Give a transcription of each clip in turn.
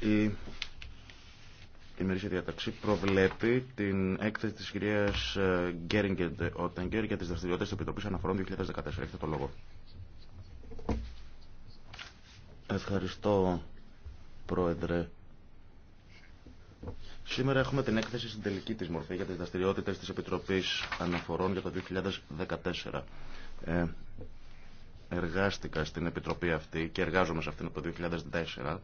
Η ημερήσια διαταξή προβλέπει την έκθεση της κυρίας ε, Γκέριγκεντ Ότεγκερ για τις δραστηριότητες της Επιτροπής Αναφορών 2014. Έχετε το λόγο. Ευχαριστώ, Πρόεδρε. Σήμερα έχουμε την έκθεση στην τελική της μορφή για τις δραστηριότητες της Επιτροπής Αναφορών για το 2014. Ε, εργάστηκα στην Επιτροπή αυτή και εργάζομαι σε αυτήν από το 2004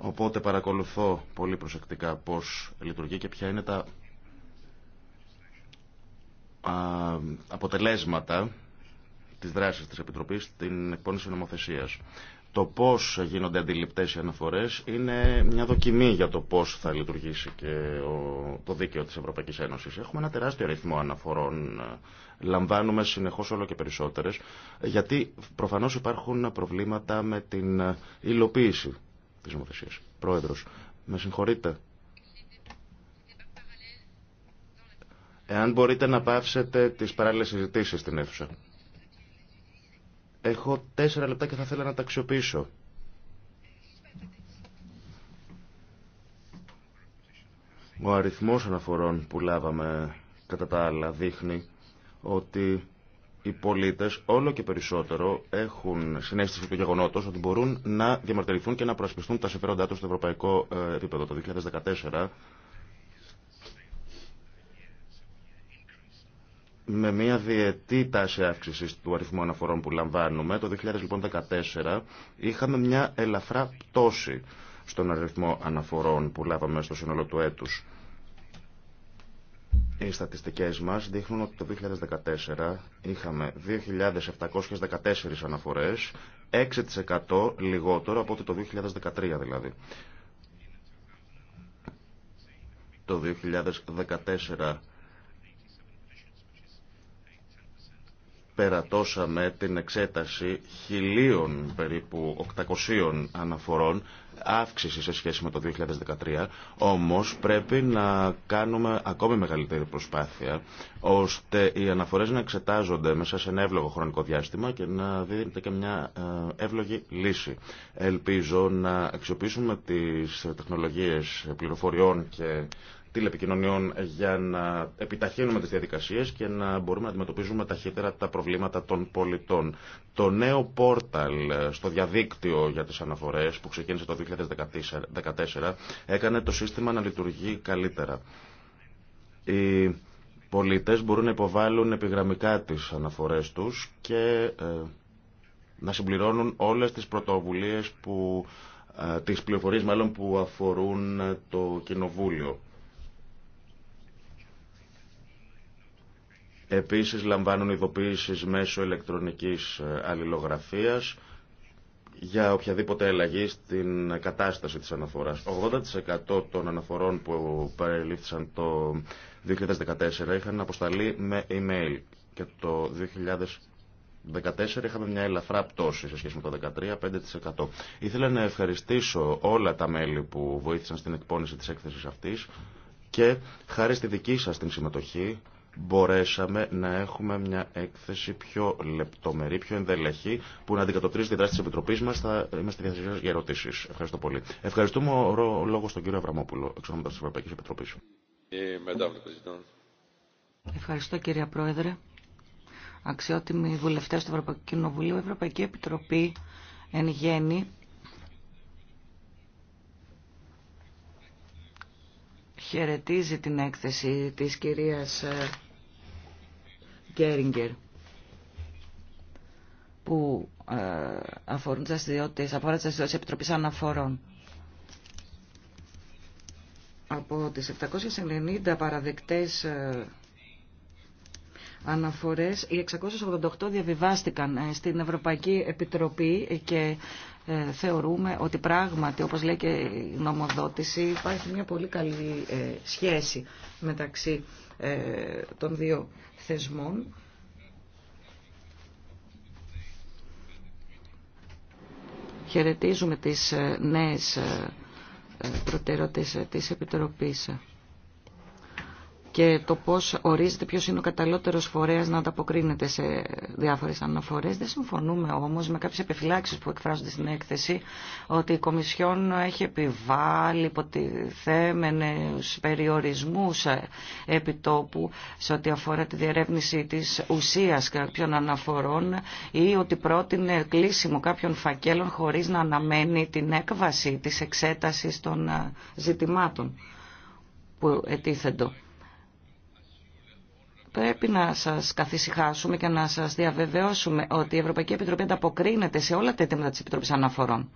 Οπότε παρακολουθώ πολύ προσεκτικά πώς λειτουργεί και ποια είναι τα αποτελέσματα της δράσης της Επιτροπής στην εκπόνηση νομοθεσίας. Το πώς γίνονται αντιληπτές οι αναφορές είναι μια δοκιμή για το πώς θα λειτουργήσει και το δίκαιο της Ευρωπαϊκής Ένωσης. Έχουμε ένα τεράστιο αριθμό αναφορών, λαμβάνουμε συνεχώς όλο και περισσότερες, γιατί προφανώς υπάρχουν προβλήματα με την υλοποίηση της νομοθεσίας. Πρόεδρος, με συγχωρείτε. Εάν μπορείτε να πάυσετε τις παράλληλες συζητήσεις στην αίθουσα. Έχω τέσσερα λεπτά και θα ήθελα να τα αξιοποιήσω. Ο αριθμός αναφορών που λάβαμε κατά τα άλλα δείχνει ότι οι πολίτες όλο και περισσότερο έχουν συνέστηση του γεγονότο ότι μπορούν να διαμαρτυρηθούν και να προασπιστούν τα συμφέροντά του στο ευρωπαϊκό ε, επίπεδο. Το 2014 με μια διετή τάση αύξηση του αριθμού αναφορών που λαμβάνουμε, το 2014 λοιπόν είχαμε μια ελαφρά πτώση στον αριθμό αναφορών που λάβαμε στο σύνολο του έτους. Οι στατιστικές μας δείχνουν ότι το 2014 είχαμε 2.714 αναφορές, 6% λιγότερο από ότι το 2013 δηλαδή. Το 2014 περατώσαμε την εξέταση χιλίων περίπου 800 αναφορών αύξηση σε σχέση με το 2013, όμως πρέπει να κάνουμε ακόμη μεγαλύτερη προσπάθεια, ώστε οι αναφορές να εξετάζονται μέσα σε ένα εύλογο χρονικό διάστημα και να δίνεται και μια ε, εύλογη λύση. Ελπίζω να αξιοποιήσουμε τις τεχνολογίες πληροφοριών και τηλεπικοινωνιών για να επιταχύνουμε τις διαδικασίες και να μπορούμε να αντιμετωπίζουμε ταχύτερα τα προβλήματα των πολιτών. Το νέο πόρταλ στο διαδίκτυο για τις αναφορές που ξεκίνησε το 2014 έκανε το σύστημα να λειτουργεί καλύτερα. Οι πολίτες μπορούν να υποβάλουν επιγραμμικά τις αναφορές τους και ε, να συμπληρώνουν όλες τις πρωτοβουλίες που ε, τις πληροφορίες μάλλον που αφορούν το κοινοβούλιο. Επίσης λαμβάνουν ειδοποίησεις μέσω ηλεκτρονικής ε, αλληλογραφίας για οποιαδήποτε ελλαγή στην κατάσταση της αναφοράς. 80% των αναφορών που περιλήφθησαν το 2014 είχαν αποσταλεί με email και το 2014 είχαμε μια ελαφρά πτώση σε σχέση με το 13 5%. Ήθελα να ευχαριστήσω όλα τα μέλη που βοήθησαν στην εκπόνηση της έκθεσης αυτής και χάρη στη δική σας την συμμετοχή μπορέσαμε να έχουμε μια έκθεση πιο λεπτομερή, πιο ενδελεχή, που να αντικατοπτρίζει τη δράση τη Επιτροπή μα. Θα είμαστε διαθέσιμοι για ερωτήσει. Ευχαριστώ πολύ. Ευχαριστούμε ο λόγο στον κύριο Αβραμόπουλο, εξωτερικό τη Ευρωπαϊκή Επιτροπή. Ε, Ευχαριστώ κύριε Πρόεδρε. Αξιότιμοι βουλευτέ του Ευρωπαϊκού Κοινοβουλίου, Ευρωπαϊκή Επιτροπή εν γέννη χαιρετίζει την έκθεση της κυρίας ε, Γκέριγκερ που ε, αφορούν τις αστιδιότητες, αφορά τις αστιδιότητες Επιτροπής Αναφορών. Από τις 790 παραδεκτές ε, αναφορές, οι 688 διαβιβάστηκαν ε, στην Ευρωπαϊκή Επιτροπή και ε, θεωρούμε ότι πράγματι, όπως λέει και η νομοδότηση, υπάρχει μια πολύ καλή ε, σχέση μεταξύ ε, των δύο θεσμών. Χαιρετίζουμε τις νέες προτεραιότητες της Επιτροπής και το πώς ορίζεται ποιο είναι ο καταλληλότερος φορέας να ανταποκρίνεται σε διάφορες αναφορές. Δεν συμφωνούμε όμως με κάποιε επιφυλάξει που εκφράζονται στην έκθεση ότι η Κομισιόν έχει επιβάλει υποτιθέμενε περιορισμούς επιτόπου σε ό,τι αφορά τη διερεύνηση της ουσίας κάποιων αναφορών ή ότι πρότεινε κλείσιμο κάποιων φακέλων χωρί να αναμένει την έκβαση τη εξέταση των ζητημάτων που ετίθεντο πρέπει να σας καθησυχάσουμε και να σας διαβεβαιώσουμε ότι η Ευρωπαϊκή Επιτροπή ανταποκρίνεται σε όλα τα αιτήματα της Επιτροπής Αναφορών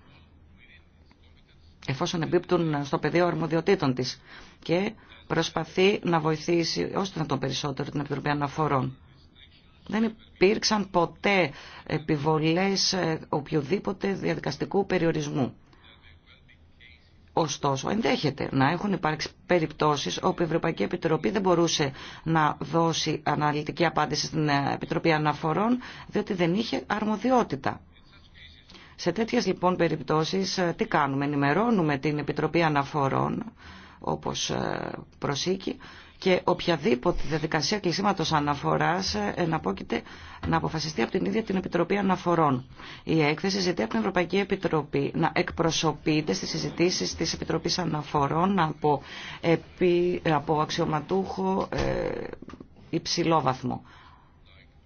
εφόσον εμπίπτουν στο πεδίο αρμοδιοτήτων της και προσπαθεί να βοηθήσει ώστε να τον περισσότερο την Επιτροπή Αναφορών. Δεν υπήρξαν ποτέ επιβολές οποιοδήποτε διαδικαστικού περιορισμού. Ωστόσο, ενδέχεται να έχουν υπάρξει περιπτώσεις όπου η Ευρωπαϊκή Επιτροπή δεν μπορούσε να δώσει αναλυτική απάντηση στην ε, Επιτροπή Αναφορών, διότι δεν είχε αρμοδιότητα. Σε τέτοιες λοιπόν περιπτώσεις, ε, τι κάνουμε, ενημερώνουμε την Επιτροπή Αναφορών, όπως ε, προσήκει, και οποιαδήποτε διαδικασία κλεισίματος αναφοράς ε, εναπόκειται να αποφασιστεί από την ίδια την Επιτροπή Αναφορών. Η έκθεση ζητεί από την Ευρωπαϊκή Επιτροπή να εκπροσωπείται στις συζητήσεις της Επιτροπής Αναφορών από, από αξιωματούχο ε, υψηλό βαθμό.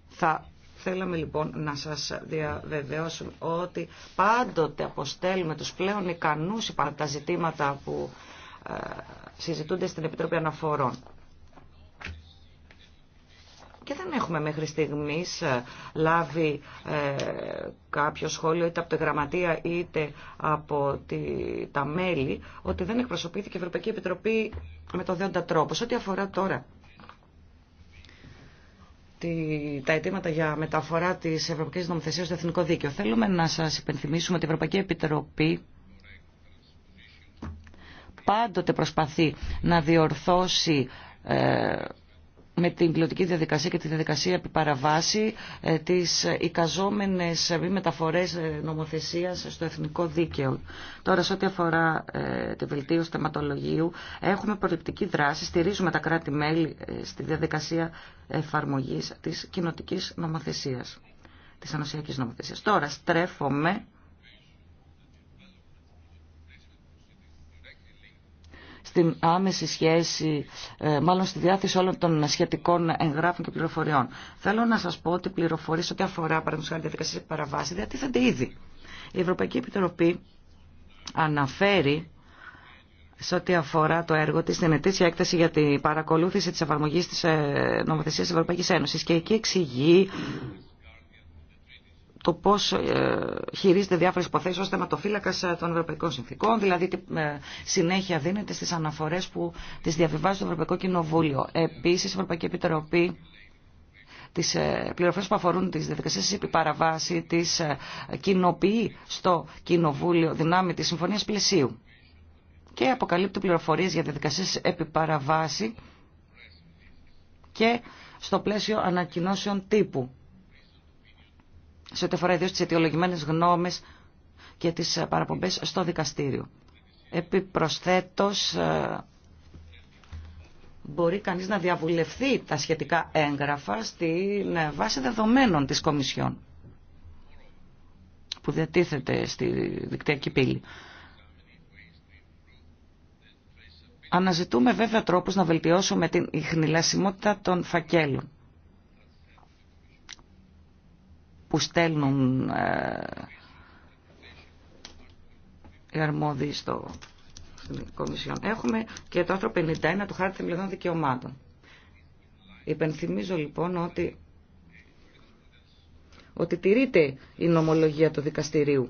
Θα θέλαμε λοιπόν να σας διαβεβαιώσουμε ότι πάντοτε αποστέλουμε τους πλέον ικανούς υπά τα ζητήματα που ε, συζητούνται στην Επιτροπή Αναφορών και δεν έχουμε μέχρι στιγμής ε, λάβει ε, κάποιο σχόλιο είτε από τη γραμματεία είτε από τη, τα μέλη ότι δεν εκπροσωπήθηκε η Ευρωπαϊκή Επιτροπή με το δέοντα τρόπο. Σε ό,τι αφορά τώρα τα αιτήματα για μεταφορά της Ευρωπαϊκής Νομοθεσίας στο Εθνικό Δίκαιο. Θέλουμε να σας υπενθυμίσουμε ότι η Ευρωπαϊκή Επιτροπή πάντοτε προσπαθεί να διορθώσει ε, με την πιλωτική διαδικασία και τη διαδικασία επιπαραβάση ε, τις εικαζόμενες μεταφορές ε, νομοθεσίας στο εθνικό δίκαιο. Τώρα, σε ό,τι αφορά ε, τη βελτίωση θεματολογίου, έχουμε προληπτική δράση, στηρίζουμε τα κράτη-μέλη ε, στη διαδικασία εφαρμογής της κοινοτικής νομοθεσίας, της ανοσιακής νομοθεσίας. Τώρα, στρέφομαι στην άμεση σχέση, ε, μάλλον στη διάθεση όλων των σχετικών εγγράφων και πληροφοριών. Θέλω να σα πω ότι πληροφορίε ό,τι αφορά χάρη διαδικασία παραβάση διατίθενται ήδη. Η Ευρωπαϊκή Επιτροπή αναφέρει σε ό,τι αφορά το έργο τη στην ετήσια έκθεση για την παρακολούθηση τη εφαρμογή τη νομοθεσία της ε, Ευρωπαϊκή Ένωση και εκεί εξηγεί το πώ ε, χειρίζεται διάφορε υποθέσει ω θεματοφύλακα ε, των Ευρωπαϊκών Συνθήκων, δηλαδή τι ε, συνέχεια δίνεται στι αναφορέ που τι διαβιβάζει το Ευρωπαϊκό Κοινοβούλιο. Επίση, η Ευρωπαϊκή Επιτροπή τι πληροφορίε που αφορούν τι διαδικασίε επιπαραβάση, επιπαραβάση, τι κοινοποιεί στο Κοινοβούλιο δυνάμει τη Συμφωνία Πλαισίου και αποκαλύπτει πληροφορίε για διαδικασίε επιπαραβάση και στο πλαίσιο ανακοινώσεων τύπου σε ό,τι αφορά ιδίω τι αιτιολογημένε γνώμε και τι ε, παραπομπέ στο δικαστήριο. Επιπροσθέτω, ε, μπορεί κανείς να διαβουλευθεί τα σχετικά έγγραφα στην ε, βάση δεδομένων της Κομισιόν που διατίθεται στη δικτυακή πύλη. Αναζητούμε βέβαια τρόπους να βελτιώσουμε την ιχνηλασιμότητα των φακέλων. που στέλνουν ε, οι αρμόδιοι στο Κομισιόν. Έχουμε και το άρθρο 51 του Χάρτη Θεμελιωδών Δικαιωμάτων. Υπενθυμίζω λοιπόν ότι, ότι τηρείται η νομολογία του δικαστηρίου.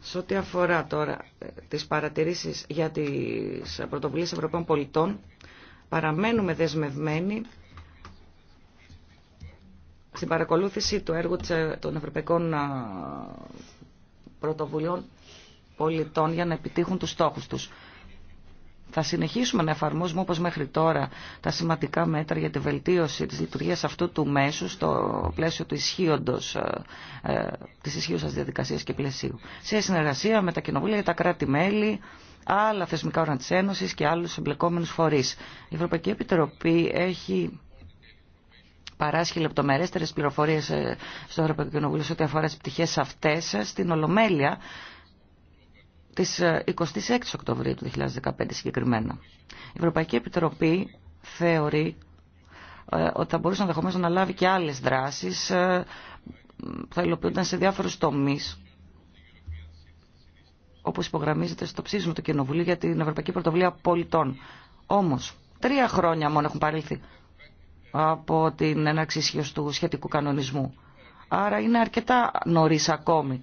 Σε ό,τι αφορά τώρα ε, τις παρατηρήσεις για τις πρωτοβουλίες Ευρωπαίων πολιτών, παραμένουμε δεσμευμένοι στην παρακολούθηση του έργου ε, των Ευρωπαϊκών ε, Πρωτοβουλειών Πολιτών για να επιτύχουν τους στόχους τους. Θα συνεχίσουμε να εφαρμόζουμε όπως μέχρι τώρα τα σημαντικά μέτρα για τη βελτίωση της λειτουργίας αυτού του μέσου στο πλαίσιο του ισχύοντος, ε, ε της ισχύουσας διαδικασίας και πλαισίου. Σε συνεργασία με τα κοινοβούλια τα κράτη-μέλη, άλλα θεσμικά όργανα της Ένωσης και άλλους εμπλεκόμενους φορείς. Η Ευρωπαϊκή Επιτροπή έχει παράσχει λεπτομερέστερες πληροφορίες ε, στο Ευρωπαϊκό Κοινοβούλιο σε ό,τι αφορά τις πτυχές αυτές ε, στην Ολομέλεια της 26 ε, Οκτωβρίου του 2015 συγκεκριμένα. Η Ευρωπαϊκή Επιτροπή θεωρεί ότι θα μπορούσε ενδεχομένω να λάβει και άλλες δράσεις που θα υλοποιούνταν σε διάφορους τομείς όπως υπογραμμίζεται στο ψήφισμα του Κοινοβουλίου για την Ευρωπαϊκή Πρωτοβουλία Πολιτών. Όμως, τρία χρόνια μόνο έχουν παρέλθει από την έναρξη του σχετικού κανονισμού. Άρα είναι αρκετά νωρί ακόμη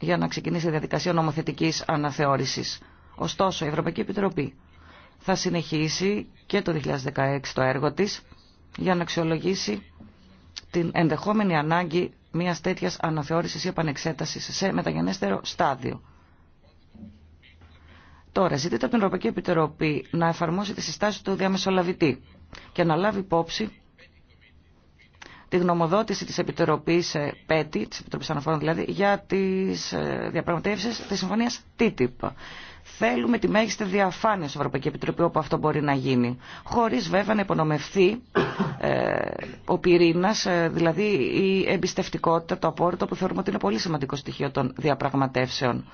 για να ξεκινήσει η διαδικασία νομοθετικής αναθεώρησης. Ωστόσο, η Ευρωπαϊκή Επιτροπή θα συνεχίσει και το 2016 το έργο της για να αξιολογήσει την ενδεχόμενη ανάγκη μιας τέτοιας αναθεώρησης ή επανεξέτασης σε μεταγενέστερο στάδιο. Τώρα, ζητείτε από την Ευρωπαϊκή Επιτροπή να εφαρμόσει τη συστάση του διαμεσολαβητή και να λάβει υπόψη τη γνωμοδότηση της Επιτροπής ε, ΠΕΤΗ, της Επιτροπής Αναφορών δηλαδή, για τις ε, διαπραγματεύσεις της συμφωνίας TTIP. Θέλουμε τη μέγιστη διαφάνεια στην Ευρωπαϊκή Επιτροπή όπου αυτό μπορεί να γίνει. Χωρί βέβαια να υπονομευθεί ε, ο πυρήνα, δηλαδή η εμπιστευτικότητα, το απόρριτο που θεωρούμε ότι είναι πολύ σημαντικό στοιχείο των διαπραγματεύσεων.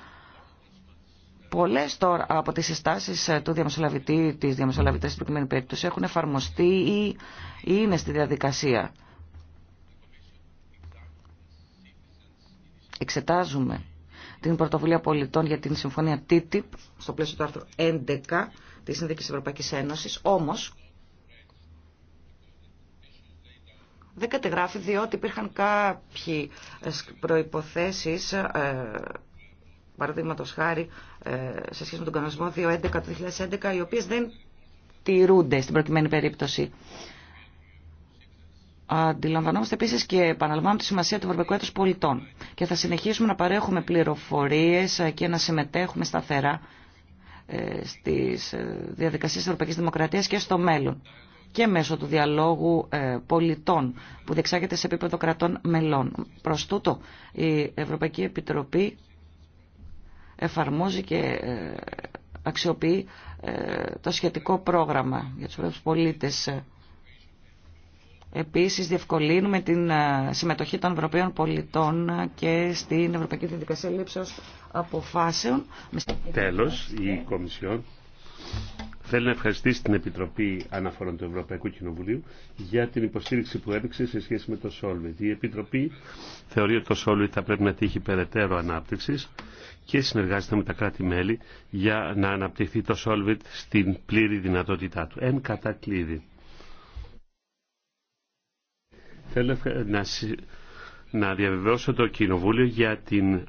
Πολλές τώρα από τις συστάσεις ε, του διαμεσολαβητή, της διαμεσολαβητής στην προκειμένη περίπτωση έχουν εφαρμοστεί ή είναι στη διαδικασία. Εξετάζουμε την πρωτοβουλία πολιτών για την συμφωνία TTIP στο πλαίσιο του άρθρου 11 της Συνδίκης Ευρωπαϊκής Ένωσης, όμως δεν κατεγράφει διότι υπήρχαν κάποιοι προϋποθέσεις ε, παραδείγματο χάρη ε, σε σχέση με τον κανονισμό 211 του 2011, οι οποίε δεν τηρούνται στην προκειμένη περίπτωση. Αντιλαμβανόμαστε επίση και επαναλαμβάνουμε τη σημασία του Ευρωπαϊκού Έτου Πολιτών και θα συνεχίσουμε να παρέχουμε πληροφορίε και να συμμετέχουμε σταθερά ε, στι ε, διαδικασίε τη Ευρωπαϊκή Δημοκρατία και στο μέλλον και μέσω του διαλόγου πολιτών που διεξάγεται σε επίπεδο κρατών μελών. Προς τούτο, η Ευρωπαϊκή Επιτροπή εφαρμόζει και ε, αξιοποιεί ε, το σχετικό πρόγραμμα για τους Ευρωπαίους πολίτες. Επίσης διευκολύνουμε την ε, συμμετοχή των Ευρωπαίων πολιτών και στην Ευρωπαϊκή Διαδικασία Λήψεως Αποφάσεων. Τέλος, η Κομισιόν Θέλω να ευχαριστήσω την Επιτροπή Αναφορών του Ευρωπαϊκού Κοινοβουλίου για την υποστήριξη που έδειξε σε σχέση με το Solvit. Η Επιτροπή θεωρεί ότι το Solvit θα πρέπει να τύχει περαιτέρω ανάπτυξη και συνεργάζεται με τα κράτη-μέλη για να αναπτυχθεί το Solvit στην πλήρη δυνατότητά του. Εν κατακλείδη. Θέλω να, να διαβεβαιώσω το Κοινοβούλιο για την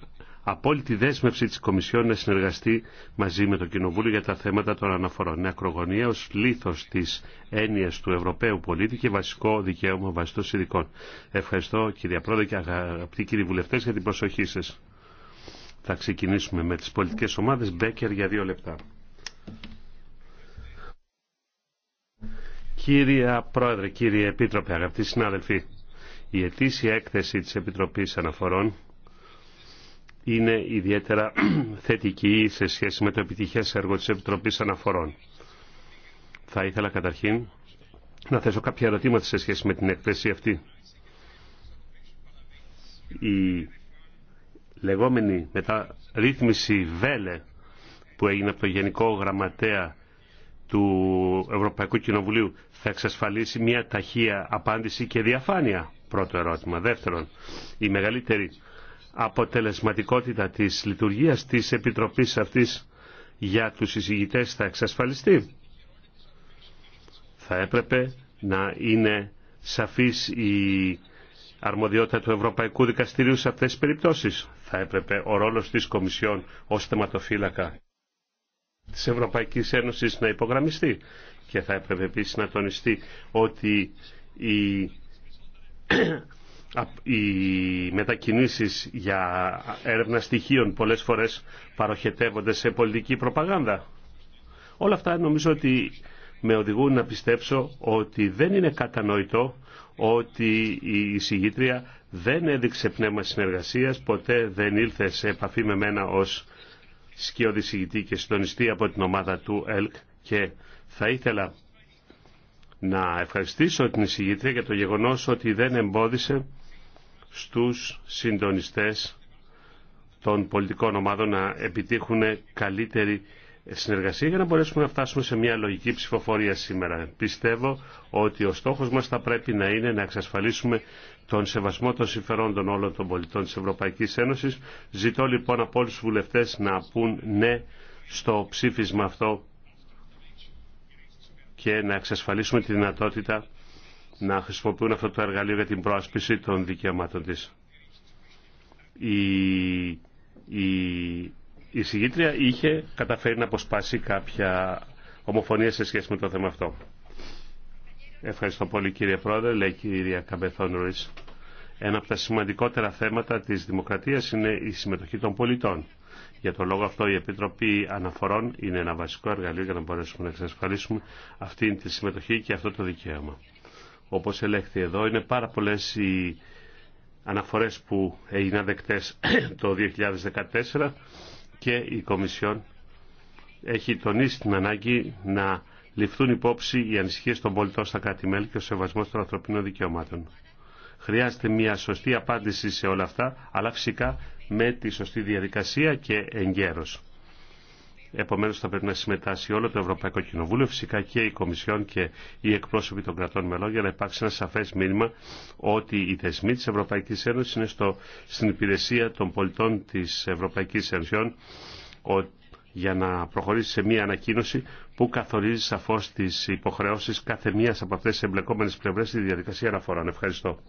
απόλυτη δέσμευση της Κομισιόν να συνεργαστεί μαζί με το Κοινοβούλιο για τα θέματα των αναφορών. Είναι ως λήθος της έννοιας του Ευρωπαίου πολίτη και βασικό δικαίωμα βασιστός ειδικών. Ευχαριστώ κυρία Πρόεδρε και αγαπητοί κύριοι βουλευτές για την προσοχή σας. Θα ξεκινήσουμε με τις πολιτικές ομάδες. Μπέκερ για δύο λεπτά. Κύριε Πρόεδρε, κύριε Επίτροπε, αγαπητοί συνάδελφοι, η ετήσια έκθεση της Επιτροπής Αναφορών είναι ιδιαίτερα θετική σε σχέση με το επιτυχές έργο της Επιτροπής Αναφορών. Θα ήθελα καταρχήν να θέσω κάποια ερωτήματα σε σχέση με την έκθεση αυτή. Η λεγόμενη μεταρρύθμιση Βέλε που έγινε από το Γενικό Γραμματέα του Ευρωπαϊκού Κοινοβουλίου θα εξασφαλίσει μια ταχεία απάντηση και διαφάνεια. Πρώτο ερώτημα. Δεύτερον, η μεγαλύτερη αποτελεσματικότητα της λειτουργίας της Επιτροπής αυτής για τους εισηγητές θα εξασφαλιστεί. Θα έπρεπε να είναι σαφής η αρμοδιότητα του Ευρωπαϊκού Δικαστηρίου σε αυτές τις περιπτώσεις. Θα έπρεπε ο ρόλος της Κομισιόν ως θεματοφύλακα της Ευρωπαϊκής Ένωσης να υπογραμμιστεί και θα έπρεπε επίσης να τονιστεί ότι η οι μετακινήσεις για έρευνα στοιχείων πολλές φορές παροχετεύονται σε πολιτική προπαγάνδα. Όλα αυτά νομίζω ότι με οδηγούν να πιστέψω ότι δεν είναι κατανοητό ότι η συγγήτρια δεν έδειξε πνεύμα συνεργασίας, ποτέ δεν ήλθε σε επαφή με μένα ως σκιώδη συγγητή και συντονιστή από την ομάδα του ΕΛΚ και θα ήθελα να ευχαριστήσω την συγγήτρια για το γεγονός ότι δεν εμπόδισε στους συντονιστές των πολιτικών ομάδων να επιτύχουν καλύτερη συνεργασία για να μπορέσουμε να φτάσουμε σε μια λογική ψηφοφορία σήμερα. Πιστεύω ότι ο στόχος μας θα πρέπει να είναι να εξασφαλίσουμε τον σεβασμό των συμφερόντων όλων των πολιτών της Ευρωπαϊκής Ένωσης. Ζητώ λοιπόν από όλους τους βουλευτές να πούν ναι στο ψήφισμα αυτό και να εξασφαλίσουμε τη δυνατότητα να χρησιμοποιούν αυτό το εργαλείο για την προάσπιση των δικαιωμάτων της. Η, η, η συγγήτρια είχε καταφέρει να αποσπάσει κάποια ομοφωνία σε σχέση με το θέμα αυτό. Ευχαριστώ πολύ κύριε Πρόεδρε, λέει κυρία Καμπεθόν Ρουίς. Ένα από τα σημαντικότερα θέματα της δημοκρατίας είναι η συμμετοχή των πολιτών. Για τον λόγο αυτό η Επιτροπή Αναφορών είναι ένα βασικό εργαλείο για να μπορέσουμε να εξασφαλίσουμε αυτή τη συμμετοχή και αυτό το δικαίωμα όπως ελέγχθη εδώ. Είναι πάρα πολλές οι αναφορές που έγιναν δεκτές το 2014 και η Κομισιόν έχει τονίσει την ανάγκη να ληφθούν υπόψη οι ανησυχίες των πολιτών στα κράτη-μέλη και ο σεβασμός των ανθρωπίνων δικαιωμάτων. Χρειάζεται μια σωστή απάντηση σε όλα αυτά, αλλά φυσικά με τη σωστή διαδικασία και εγκαίρος. Επομένως θα πρέπει να συμμετάσχει όλο το Ευρωπαϊκό Κοινοβούλιο, φυσικά και η Κομισιόν και οι εκπρόσωποι των κρατών μελών για να υπάρξει ένα σαφές μήνυμα ότι οι θεσμοί της Ευρωπαϊκής Ένωσης είναι στο, στην υπηρεσία των πολιτών της Ευρωπαϊκής Ένωσης για να προχωρήσει σε μια ανακοίνωση που καθορίζει σαφώς τις υποχρεώσεις κάθε μία από αυτές τις εμπλεκόμενες πλευρές στη διαδικασία αναφορών. Ευχαριστώ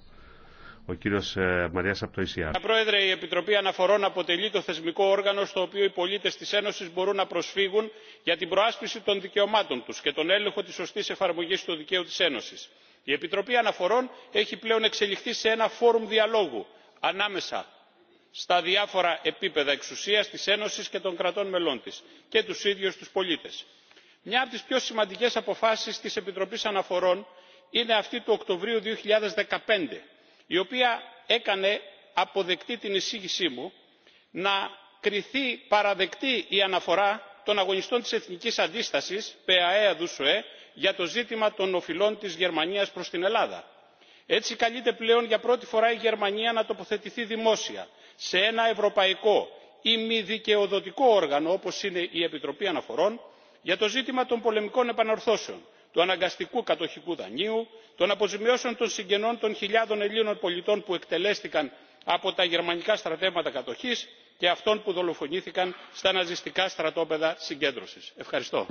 ο κύριος ε, Μαριά από το ΙΣΙΑ. Πρόεδρε, η Επιτροπή Αναφορών αποτελεί το θεσμικό όργανο στο οποίο οι πολίτε τη Ένωση μπορούν να προσφύγουν για την προάσπιση των δικαιωμάτων του και τον έλεγχο τη σωστή εφαρμογή του δικαίου τη Ένωση. Η Επιτροπή Αναφορών έχει πλέον εξελιχθεί σε ένα φόρουμ διαλόγου ανάμεσα στα διάφορα επίπεδα εξουσίας της Ένωσης και των κρατών μελών τη και τους ίδιους τους πολίτες. Μια από τις πιο σημαντικές αποφάσεις της Επιτροπής Αναφορών είναι αυτή του Οκτωβρίου 2015 η οποία έκανε αποδεκτή την εισήγησή μου να κριθεί παραδεκτή η αναφορά των αγωνιστών της εθνικής αντίστασης πααe για το ζήτημα των οφειλών της γερμανίας προς την ελλάδα. έτσι καλείται πλέον για πρώτη φορά η γερμανία να τοποθετηθεί δημόσια σε ένα ευρωπαϊκό δικαιοδοτικο όργανο όπως είναι η επιτροπή αναφορών για το ζήτημα των πολεμικών επαναρθώσεων του αναγκαστικού κατοχικού δανείου των αποζημιώσεων των συγγενών των χιλιάδων ελλήνων πολιτών που εκτελέστηκαν από τα γερμανικά στρατεύματα κατοχής και αυτών που δολοφονήθηκαν στα ναζιστικά στρατόπεδα συγκέντρωσης. ευχαριστώ.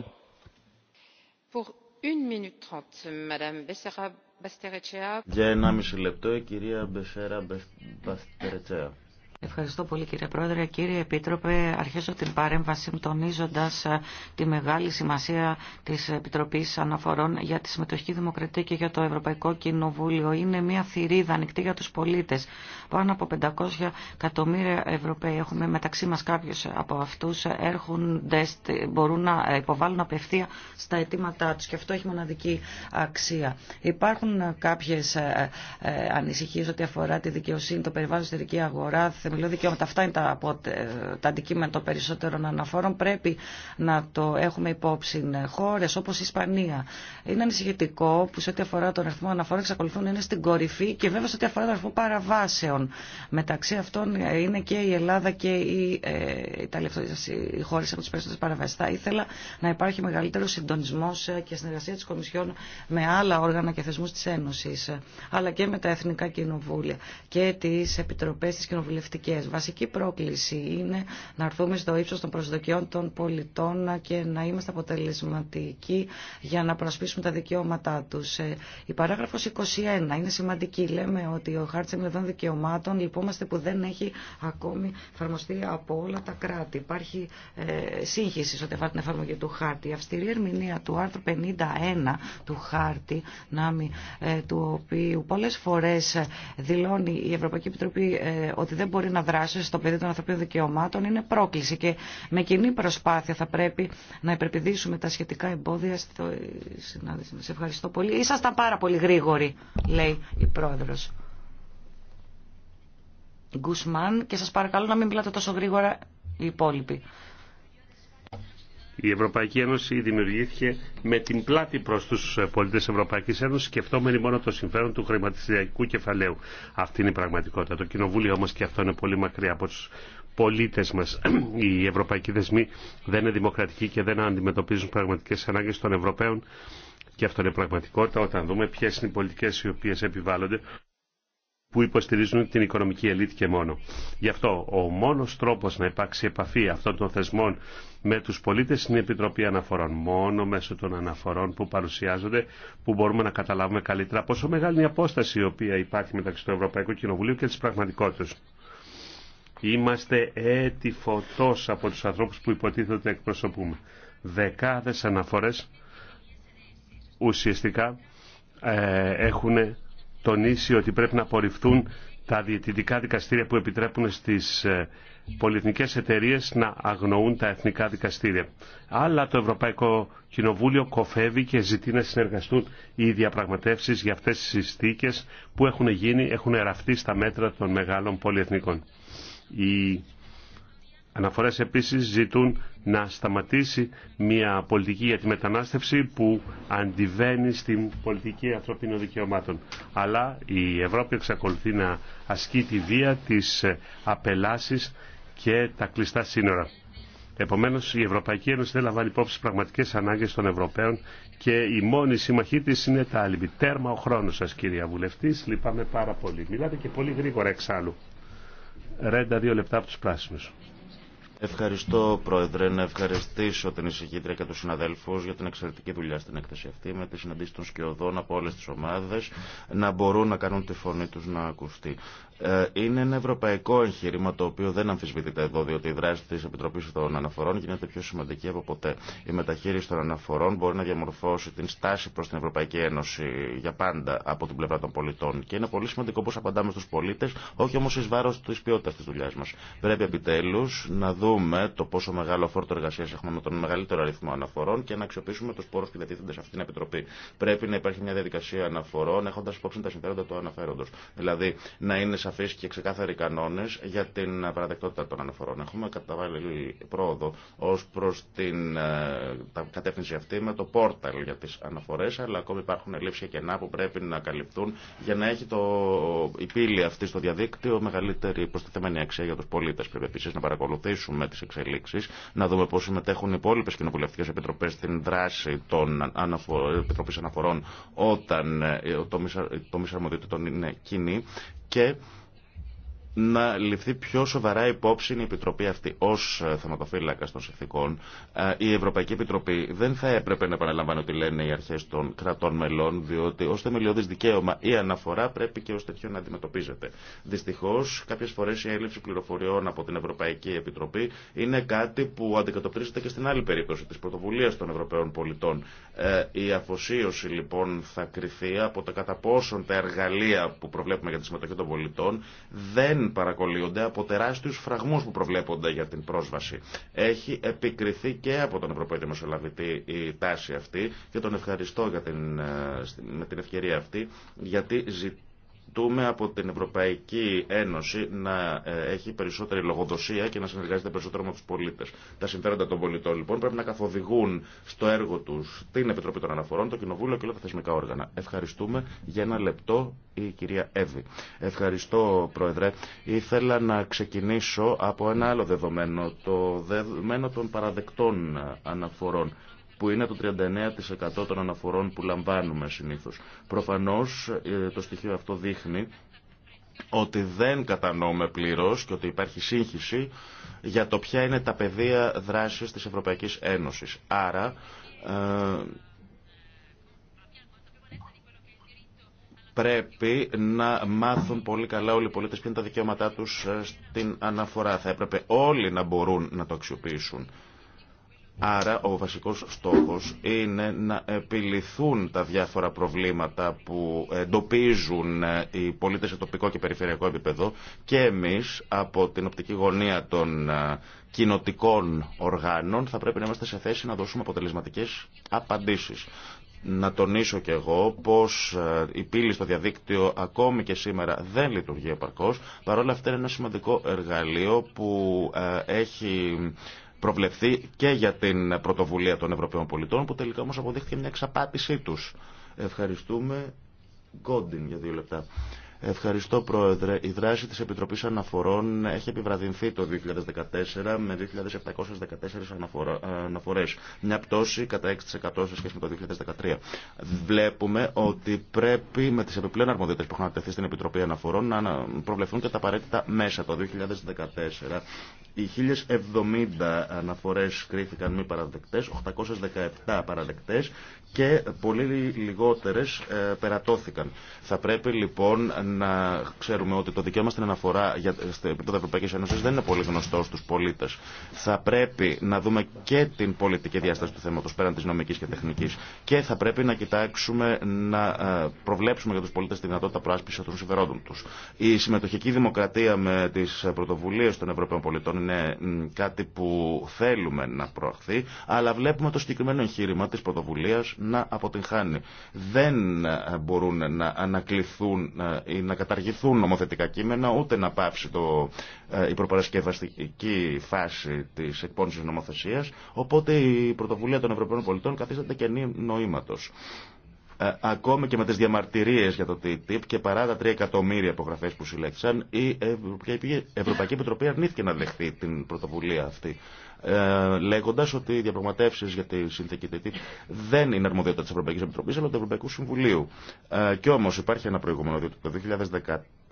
Ευχαριστώ πολύ κύριε Πρόεδρε. Κύριε Επίτροπε, αρχίζω την παρέμβαση τονίζοντα ε, τη μεγάλη σημασία τη επιτροπή Αναφορών για τη συμμετοχή Δημοκρατία και για το Ευρωπαϊκό Κοινοβούλιο. Είναι μια θηρίδα ανοιχτή για του πολίτε. Πάνω από 500 εκατομμύρια Ευρωπαίοι έχουμε μεταξύ μα κάποιου από αυτού, έρχονται, μπορούν να ε, υποβάλουν απευθεία στα αιτήματά του. και αυτό έχει μοναδική αξία. Υπάρχουν κάποιε ε, ανησυχίε ότι αφορά τη δικαιοσύνη, το περιβάλλον, δική αγορά, θεμελιώδη δικαιώματα. Αυτά είναι τα, τα αντικείμενα των περισσότερων αναφόρων. Πρέπει να το έχουμε υπόψη. Χώρε όπω η Ισπανία. Είναι ανησυχητικό που σε ό,τι αφορά τον αριθμό αναφόρων εξακολουθούν να είναι στην κορυφή και βέβαια σε ό,τι αφορά τον αριθμό παραβάσεων. Μεταξύ αυτών είναι και η Ελλάδα και η ε, Ιταλία, οι χώρε από τι περισσότερε παραβάσει. Θα ήθελα να υπάρχει μεγαλύτερο συντονισμό και συνεργασία τη Κομισιόν με άλλα όργανα και θεσμού τη Ένωση, αλλά και με τα εθνικά κοινοβούλια και τι επιτροπέ τη κοινοβουλευτική Βασική πρόκληση είναι να έρθουμε στο ύψο των προσδοκιών των πολιτών και να είμαστε αποτελεσματικοί για να προσπίσουμε τα δικαιώματά του. Ε, η παράγραφο 21 είναι σημαντική. Λέμε ότι ο χάρτη των δικαιωμάτων λυπόμαστε που δεν έχει ακόμη εφαρμοστεί από όλα τα κράτη. Υπάρχει ε, σύγχυση ό,τι αφορά την εφαρμογή του χάρτη. Η αυστηρή ερμηνεία του άρθρου 51 του χάρτη, ε, του οποίου πολλές φορές δηλώνει η Ευρωπαϊκή Επιτροπή ε, ότι δεν μπορεί να δράσει στο πεδίο των ανθρωπίνων δικαιωμάτων είναι πρόκληση και με κοινή προσπάθεια θα πρέπει να υπερπηδήσουμε τα σχετικά εμπόδια στο συνάδελφο. Σε ευχαριστώ πολύ. Ήσασταν πάρα πολύ γρήγοροι, λέει η πρόεδρος. Γκουσμάν και σας παρακαλώ να μην μιλάτε τόσο γρήγορα οι υπόλοιποι. Η Ευρωπαϊκή Ένωση δημιουργήθηκε με την πλάτη προ του πολίτε Ευρωπαϊκή Ένωση, σκεφτόμενη μόνο το συμφέρον του χρηματιστηριακού κεφαλαίου. Αυτή είναι η πραγματικότητα. Το Κοινοβούλιο όμω και αυτό είναι πολύ μακριά από του πολίτε μα. Οι ευρωπαϊκοί δεσμοί δεν είναι δημοκρατικοί και δεν αντιμετωπίζουν πραγματικέ ανάγκε των Ευρωπαίων. Και αυτό είναι πραγματικότητα όταν δούμε ποιε είναι οι πολιτικέ οι οποίε επιβάλλονται που υποστηρίζουν την οικονομική ελίτ και μόνο. Γι' αυτό ο μόνος τρόπος να υπάρξει επαφή αυτών των θεσμών με τους πολίτες είναι η Επιτροπή Αναφορών. Μόνο μέσω των αναφορών που παρουσιάζονται που μπορούμε να καταλάβουμε καλύτερα πόσο μεγάλη είναι η απόσταση η οποία υπάρχει μεταξύ του Ευρωπαϊκού Κοινοβουλίου και της πραγματικότητας. Είμαστε έτη φωτός από τους ανθρώπους που υποτίθεται εκπροσωπούμε. Δεκάδες αναφορές ουσιαστικά ε, έχουν τονίσει ότι πρέπει να απορριφθούν τα διαιτητικά δικαστήρια που επιτρέπουν στις ε, πολυεθνικές εταιρείες να αγνοούν τα εθνικά δικαστήρια. Αλλά το Ευρωπαϊκό Κοινοβούλιο κοφεύει και ζητεί να συνεργαστούν οι διαπραγματεύσεις για αυτές τις συστήκες που έχουν γίνει, έχουν εραφτεί στα μέτρα των μεγάλων πολυεθνικών. Οι αναφορές επίσης ζητούν να σταματήσει μια πολιτική για τη μετανάστευση που αντιβαίνει στην πολιτική ανθρωπίνων δικαιωμάτων. Αλλά η Ευρώπη εξακολουθεί να ασκεί τη βία, τις ε, απελάσεις και τα κλειστά σύνορα. Επομένως η Ευρωπαϊκή Ένωση δεν λαμβάνει υπόψη τις πραγματικές ανάγκες των Ευρωπαίων και η μόνη συμμαχή της είναι τα άλλη. Τέρμα ο χρόνος σας κυρία Βουλευτής, λυπάμαι πάρα πολύ. Μιλάτε και πολύ γρήγορα εξάλλου. Ρέντα δύο λεπτά από τους πράσινους. Ευχαριστώ, Πρόεδρε, να ευχαριστήσω την εισηγήτρια και του συναδέλφου για την εξαιρετική δουλειά στην έκθεση αυτή, με τη συναντήση των σκιωδών από όλε τι ομάδε, να μπορούν να κάνουν τη φωνή του να ακουστεί. Ε, είναι ένα ευρωπαϊκό εγχείρημα το οποίο δεν αμφισβητείται εδώ, διότι η δράση τη Επιτροπή των Αναφορών γίνεται πιο σημαντική από ποτέ. Η μεταχείριση των αναφορών μπορεί να διαμορφώσει την στάση προ την Ευρωπαϊκή Ένωση για πάντα από την πλευρά των πολιτών. Και είναι πολύ σημαντικό πώ απαντάμε στου πολίτε, όχι όμω ει βάρο τη ποιότητα τη δουλειά μα. Πρέπει επιτέλου να δούμε το πόσο μεγάλο φόρτο εργασία έχουμε με τον μεγαλύτερο αριθμό αναφορών και να αξιοποιήσουμε του πόρου που διατίθενται σε αυτή την Επιτροπή. Πρέπει να υπάρχει μια διαδικασία αναφορών έχοντα υπόψη τα συμφέροντα του αναφέροντο. Δηλαδή να είναι σαφεί και ξεκάθαροι κανόνε για την παραδεκτότητα των αναφορών. Έχουμε καταβάλει πρόοδο ω προ την ε, τα κατεύθυνση αυτή με το πόρταλ για τι αναφορέ, αλλά ακόμη υπάρχουν ελλείψει και κενά που πρέπει να καλυπτούν για να έχει το, η πύλη αυτή στο διαδίκτυο μεγαλύτερη προστιθέμενη αξία για του πολίτε Πρέπει επίση να παρακολουθήσουμε τι εξελίξει να δούμε πώ συμμετέχουν οι υπόλοιπε κοινοβουλευτικέ επιτροπέ στην δράση των αναφο... Αναφορών όταν ε, το μισαρμοδιότητα είναι κοινή και να ληφθεί πιο σοβαρά υπόψη η Επιτροπή αυτή ω ε, θεματοφύλακα των συνθήκων. Ε, η Ευρωπαϊκή Επιτροπή δεν θα έπρεπε να επαναλαμβάνει ότι λένε οι αρχέ των κρατών μελών, διότι ω θεμελιώδη δικαίωμα η αναφορά πρέπει και ω τέτοιο να αντιμετωπίζεται. Δυστυχώ, κάποιε φορέ η έλλειψη πληροφοριών από την Ευρωπαϊκή Επιτροπή είναι κάτι που αντικατοπτρίζεται και στην άλλη περίπτωση τη πρωτοβουλία των Ευρωπαίων πολιτών. Ε, η αφοσίωση λοιπόν θα κρυθεί από το κατά πόσον τα εργαλεία που προβλέπουμε για τη συμμετοχή των πολιτών δεν δεν παρακολύονται από τεράστιους φραγμούς που προβλέπονται για την πρόσβαση. Έχει επικριθεί και από τον Ευρωπαϊκό Δημοσιολαβητή η τάση αυτή και τον ευχαριστώ για την, ε, με την ευκαιρία αυτή γιατί ζητούμε από την Ευρωπαϊκή Ένωση να ε, έχει περισσότερη λογοδοσία και να συνεργάζεται περισσότερο με του πολίτε. Τα συμφέροντα των πολιτών λοιπόν πρέπει να καθοδηγούν στο έργο του την Επιτροπή των Αναφορών, το Κοινοβούλιο και όλα τα θεσμικά όργανα. Ευχαριστούμε για ένα λεπτό η κυρία Εύη. Ευχαριστώ Πρόεδρε. Ήθελα να ξεκινήσω από ένα άλλο δεδομένο, το δεδομένο των παραδεκτών αναφορών που είναι το 39% των αναφορών που λαμβάνουμε συνήθως. Προφανώς ε, το στοιχείο αυτό δείχνει ότι δεν κατανοούμε πλήρως και ότι υπάρχει σύγχυση για το ποια είναι τα πεδία δράσης της Ευρωπαϊκής Ένωσης. Άρα, ε, πρέπει να μάθουν πολύ καλά όλοι οι πολίτες ποια είναι τα δικαιώματά τους ε, στην αναφορά. Θα έπρεπε όλοι να μπορούν να το αξιοποιήσουν. Άρα ο βασικός στόχος είναι να επιληθούν τα διάφορα προβλήματα που εντοπίζουν οι πολίτες σε τοπικό και περιφερειακό επίπεδο και εμείς από την οπτική γωνία των ε, κοινοτικών οργάνων θα πρέπει να είμαστε σε θέση να δώσουμε αποτελεσματικές απαντήσεις. Να τονίσω και εγώ πως ε, η πύλη στο διαδίκτυο ακόμη και σήμερα δεν λειτουργεί επαρκώς. παρόλα αυτά είναι ένα σημαντικό εργαλείο που ε, έχει προβλεφθεί και για την πρωτοβουλία των Ευρωπαίων πολιτών που τελικά όμως αποδείχθηκε μια εξαπάτησή τους. Ευχαριστούμε. Γκόντιν για δύο λεπτά. Ευχαριστώ Πρόεδρε. Η δράση της Επιτροπής Αναφορών έχει επιβραδυνθεί το 2014 με 2.714 αναφορές. Μια πτώση κατά 6% σε σχέση με το 2013. Βλέπουμε ότι πρέπει με τις επιπλέον αρμοδιότητες που έχουν ανατεθεί στην Επιτροπή Αναφορών να προβλεφθούν και τα απαραίτητα μέσα. Το 2014 οι 1070 αναφορές κρίθηκαν μη παραδεκτές, 817 παραδεκτές και πολύ λιγότερες ε, περατώθηκαν. Θα πρέπει λοιπόν να ξέρουμε ότι το δικαίωμα στην αναφορά για επίπεδο Ευρωπαϊκή Ένωση δεν είναι πολύ γνωστό στους πολίτες. Θα πρέπει να δούμε και την πολιτική διάσταση του θέματος πέραν της νομικής και τεχνικής και θα πρέπει να κοιτάξουμε να ε, προβλέψουμε για τους πολίτες τη δυνατότητα προάσπισης των συμφερόντων τους. Η συμμετοχική δημοκρατία με τις πρωτοβουλίες των Ευρωπαίων πολιτών είναι κάτι που θέλουμε να προαχθεί, αλλά βλέπουμε το συγκεκριμένο εγχείρημα της πρωτοβουλία να αποτυγχάνει. Δεν ε, μπορούν να ανακληθούν ε, ή να καταργηθούν νομοθετικά κείμενα, ούτε να πάψει το, ε, η προπαρασκευαστική φάση τη εκπόνηση νομοθεσία. Οπότε η πρωτοβουλία των Ευρωπαίων πολιτών καθίσταται κενή νοήματο ακόμη και με τις διαμαρτυρίες για το TTIP και παρά τα 3 εκατομμύρια υπογραφές που συλλέξαν, η Ευρωπαϊκή Επιτροπή αρνήθηκε να δεχθεί την πρωτοβουλία αυτή ε, λέγοντα ότι οι διαπραγματεύσει για τη συνθήκη δεν είναι αρμοδιότητα τη Ευρωπαϊκή Επιτροπή αλλά του Ευρωπαϊκού Συμβουλίου. Ε, και όμω υπάρχει ένα προηγούμενο, διότι το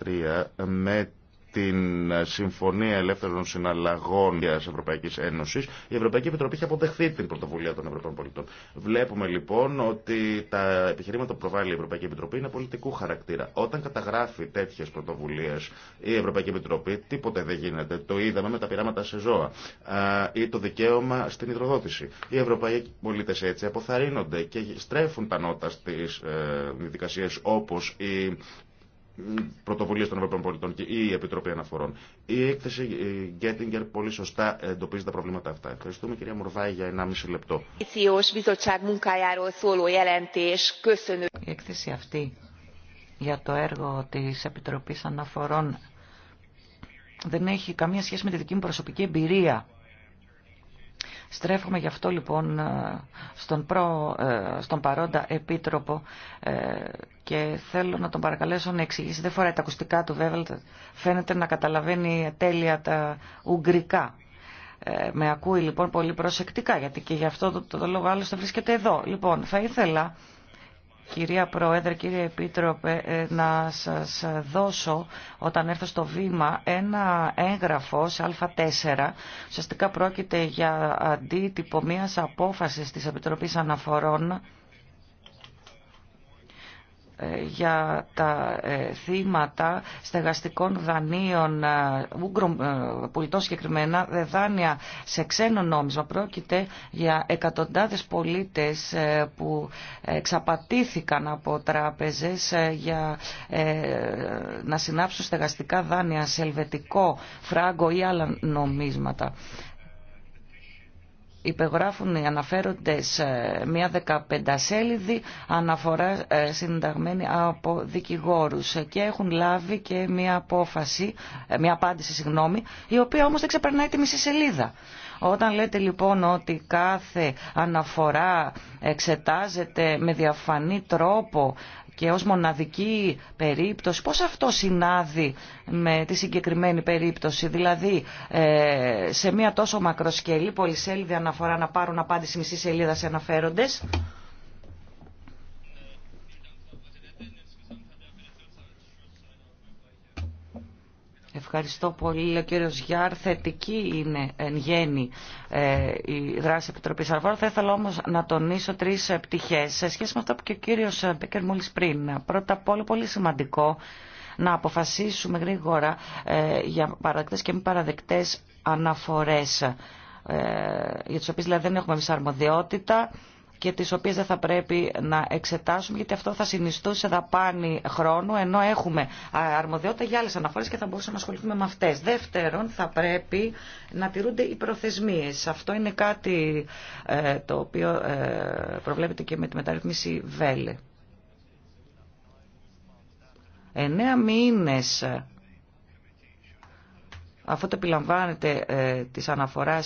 2013 με την Συμφωνία Ελεύθερων Συναλλαγών τη Ευρωπαϊκή Ένωσης, η Ευρωπαϊκή Επιτροπή είχε αποδεχθεί την πρωτοβουλία των Ευρωπαίων πολιτών. Βλέπουμε λοιπόν ότι τα επιχειρήματα που προβάλλει η Ευρωπαϊκή Επιτροπή είναι πολιτικού χαρακτήρα. Όταν καταγράφει τέτοιε πρωτοβουλίε η Ευρωπαϊκή Επιτροπή, τίποτε δεν γίνεται. Το είδαμε με τα πειράματα σε ζώα ή το δικαίωμα στην υδροδότηση. Οι Ευρωπαϊκοί πολίτε έτσι αποθαρρύνονται και στρέφουν τα νότα στι ε, δικασίε όπω η το δικαιωμα στην υδροδοτηση οι ευρωπαιοι πολιτε ετσι αποθαρρυνονται και στρεφουν τα νοτα στι δικασιε οπω η πρωτοβουλίε των Ευρωπαίων Πολιτών και η Επιτροπή Αναφορών. Η έκθεση ε, Γκέτιγκερ πολύ σωστά εντοπίζει τα προβλήματα αυτά. Ευχαριστούμε κυρία Μουρβάη για 1,5 λεπτό. Η έκθεση αυτή για το έργο της Επιτροπής Αναφορών δεν έχει καμία σχέση με τη δική μου προσωπική εμπειρία στρέφομαι γι' αυτό λοιπόν ε, στον, προ, ε, στον παρόντα επίτροπο ε, και θέλω να τον παρακαλέσω να εξηγήσει. Δεν φοράει τα ακουστικά του βέβαια, φαίνεται να καταλαβαίνει τέλεια τα ουγγρικά. με ακούει λοιπόν πολύ προσεκτικά, γιατί και γι' αυτό το, το, το λόγο άλλωστε βρίσκεται εδώ. Λοιπόν, θα ήθελα Κυρία Πρόεδρε, κύριε Επίτροπε, ε, να σας δώσω όταν έρθω στο βήμα ένα έγγραφο σε Α4. Ουσιαστικά πρόκειται για αντίτυπο μιας απόφασης της Επιτροπής Αναφορών ε, για τα ε, θύματα στεγαστικών δανείων ε, πολιτών συγκεκριμένα, δάνεια σε ξένο νόμισμα. Πρόκειται για εκατοντάδες πολίτες που εξαπατήθηκαν από τράπεζες για να συνάψουν στεγαστικά δάνεια σε ελβετικό φράγκο ή άλλα νομίσματα υπεγράφουν οι αναφέροντες ε, μια δεκαπεντασέλιδη αναφορά ε, συνταγμένη από δικηγόρους και έχουν λάβει και μια απόφαση, ε, μια απάντηση συγγνώμη, η οποία όμως δεν ξεπερνάει τη μισή σελίδα. Όταν λέτε λοιπόν ότι κάθε αναφορά εξετάζεται με διαφανή τρόπο και ως μοναδική περίπτωση. Πώς αυτό συνάδει με τη συγκεκριμένη περίπτωση, δηλαδή ε, σε μια τόσο μακροσκελή πολυσέλιδη αναφορά να πάρουν απάντηση μισή σελίδα σε αναφέροντες Ευχαριστώ πολύ, ο κύριος Γιάρ. Θετική είναι εν γέννη ε, η δράση Επιτροπή Αρβόρ. Θα ήθελα όμω να τονίσω τρει ε, πτυχέ σε σχέση με αυτό που και ο κύριο ε, Μπέκερ μόλι πριν. Πρώτα απ' όλο πολύ σημαντικό να αποφασίσουμε γρήγορα για παραδεκτές και μη παραδεκτές αναφορές για τι οποίε δηλαδή, δεν έχουμε εμεί αρμοδιότητα και τις οποίες δεν θα πρέπει να εξετάσουμε γιατί αυτό θα συνιστούσε δαπάνη χρόνου ενώ έχουμε αρμοδιότητα για άλλες αναφορές και θα μπορούσαμε να ασχοληθούμε με αυτές. Δεύτερον, θα πρέπει να τηρούνται οι προθεσμίες. Αυτό είναι κάτι ε, το οποίο ε, προβλέπεται και με τη μεταρρύθμιση ΒΕΛΕ. Εννέα μήνες αφού το επιλαμβάνεται ε, της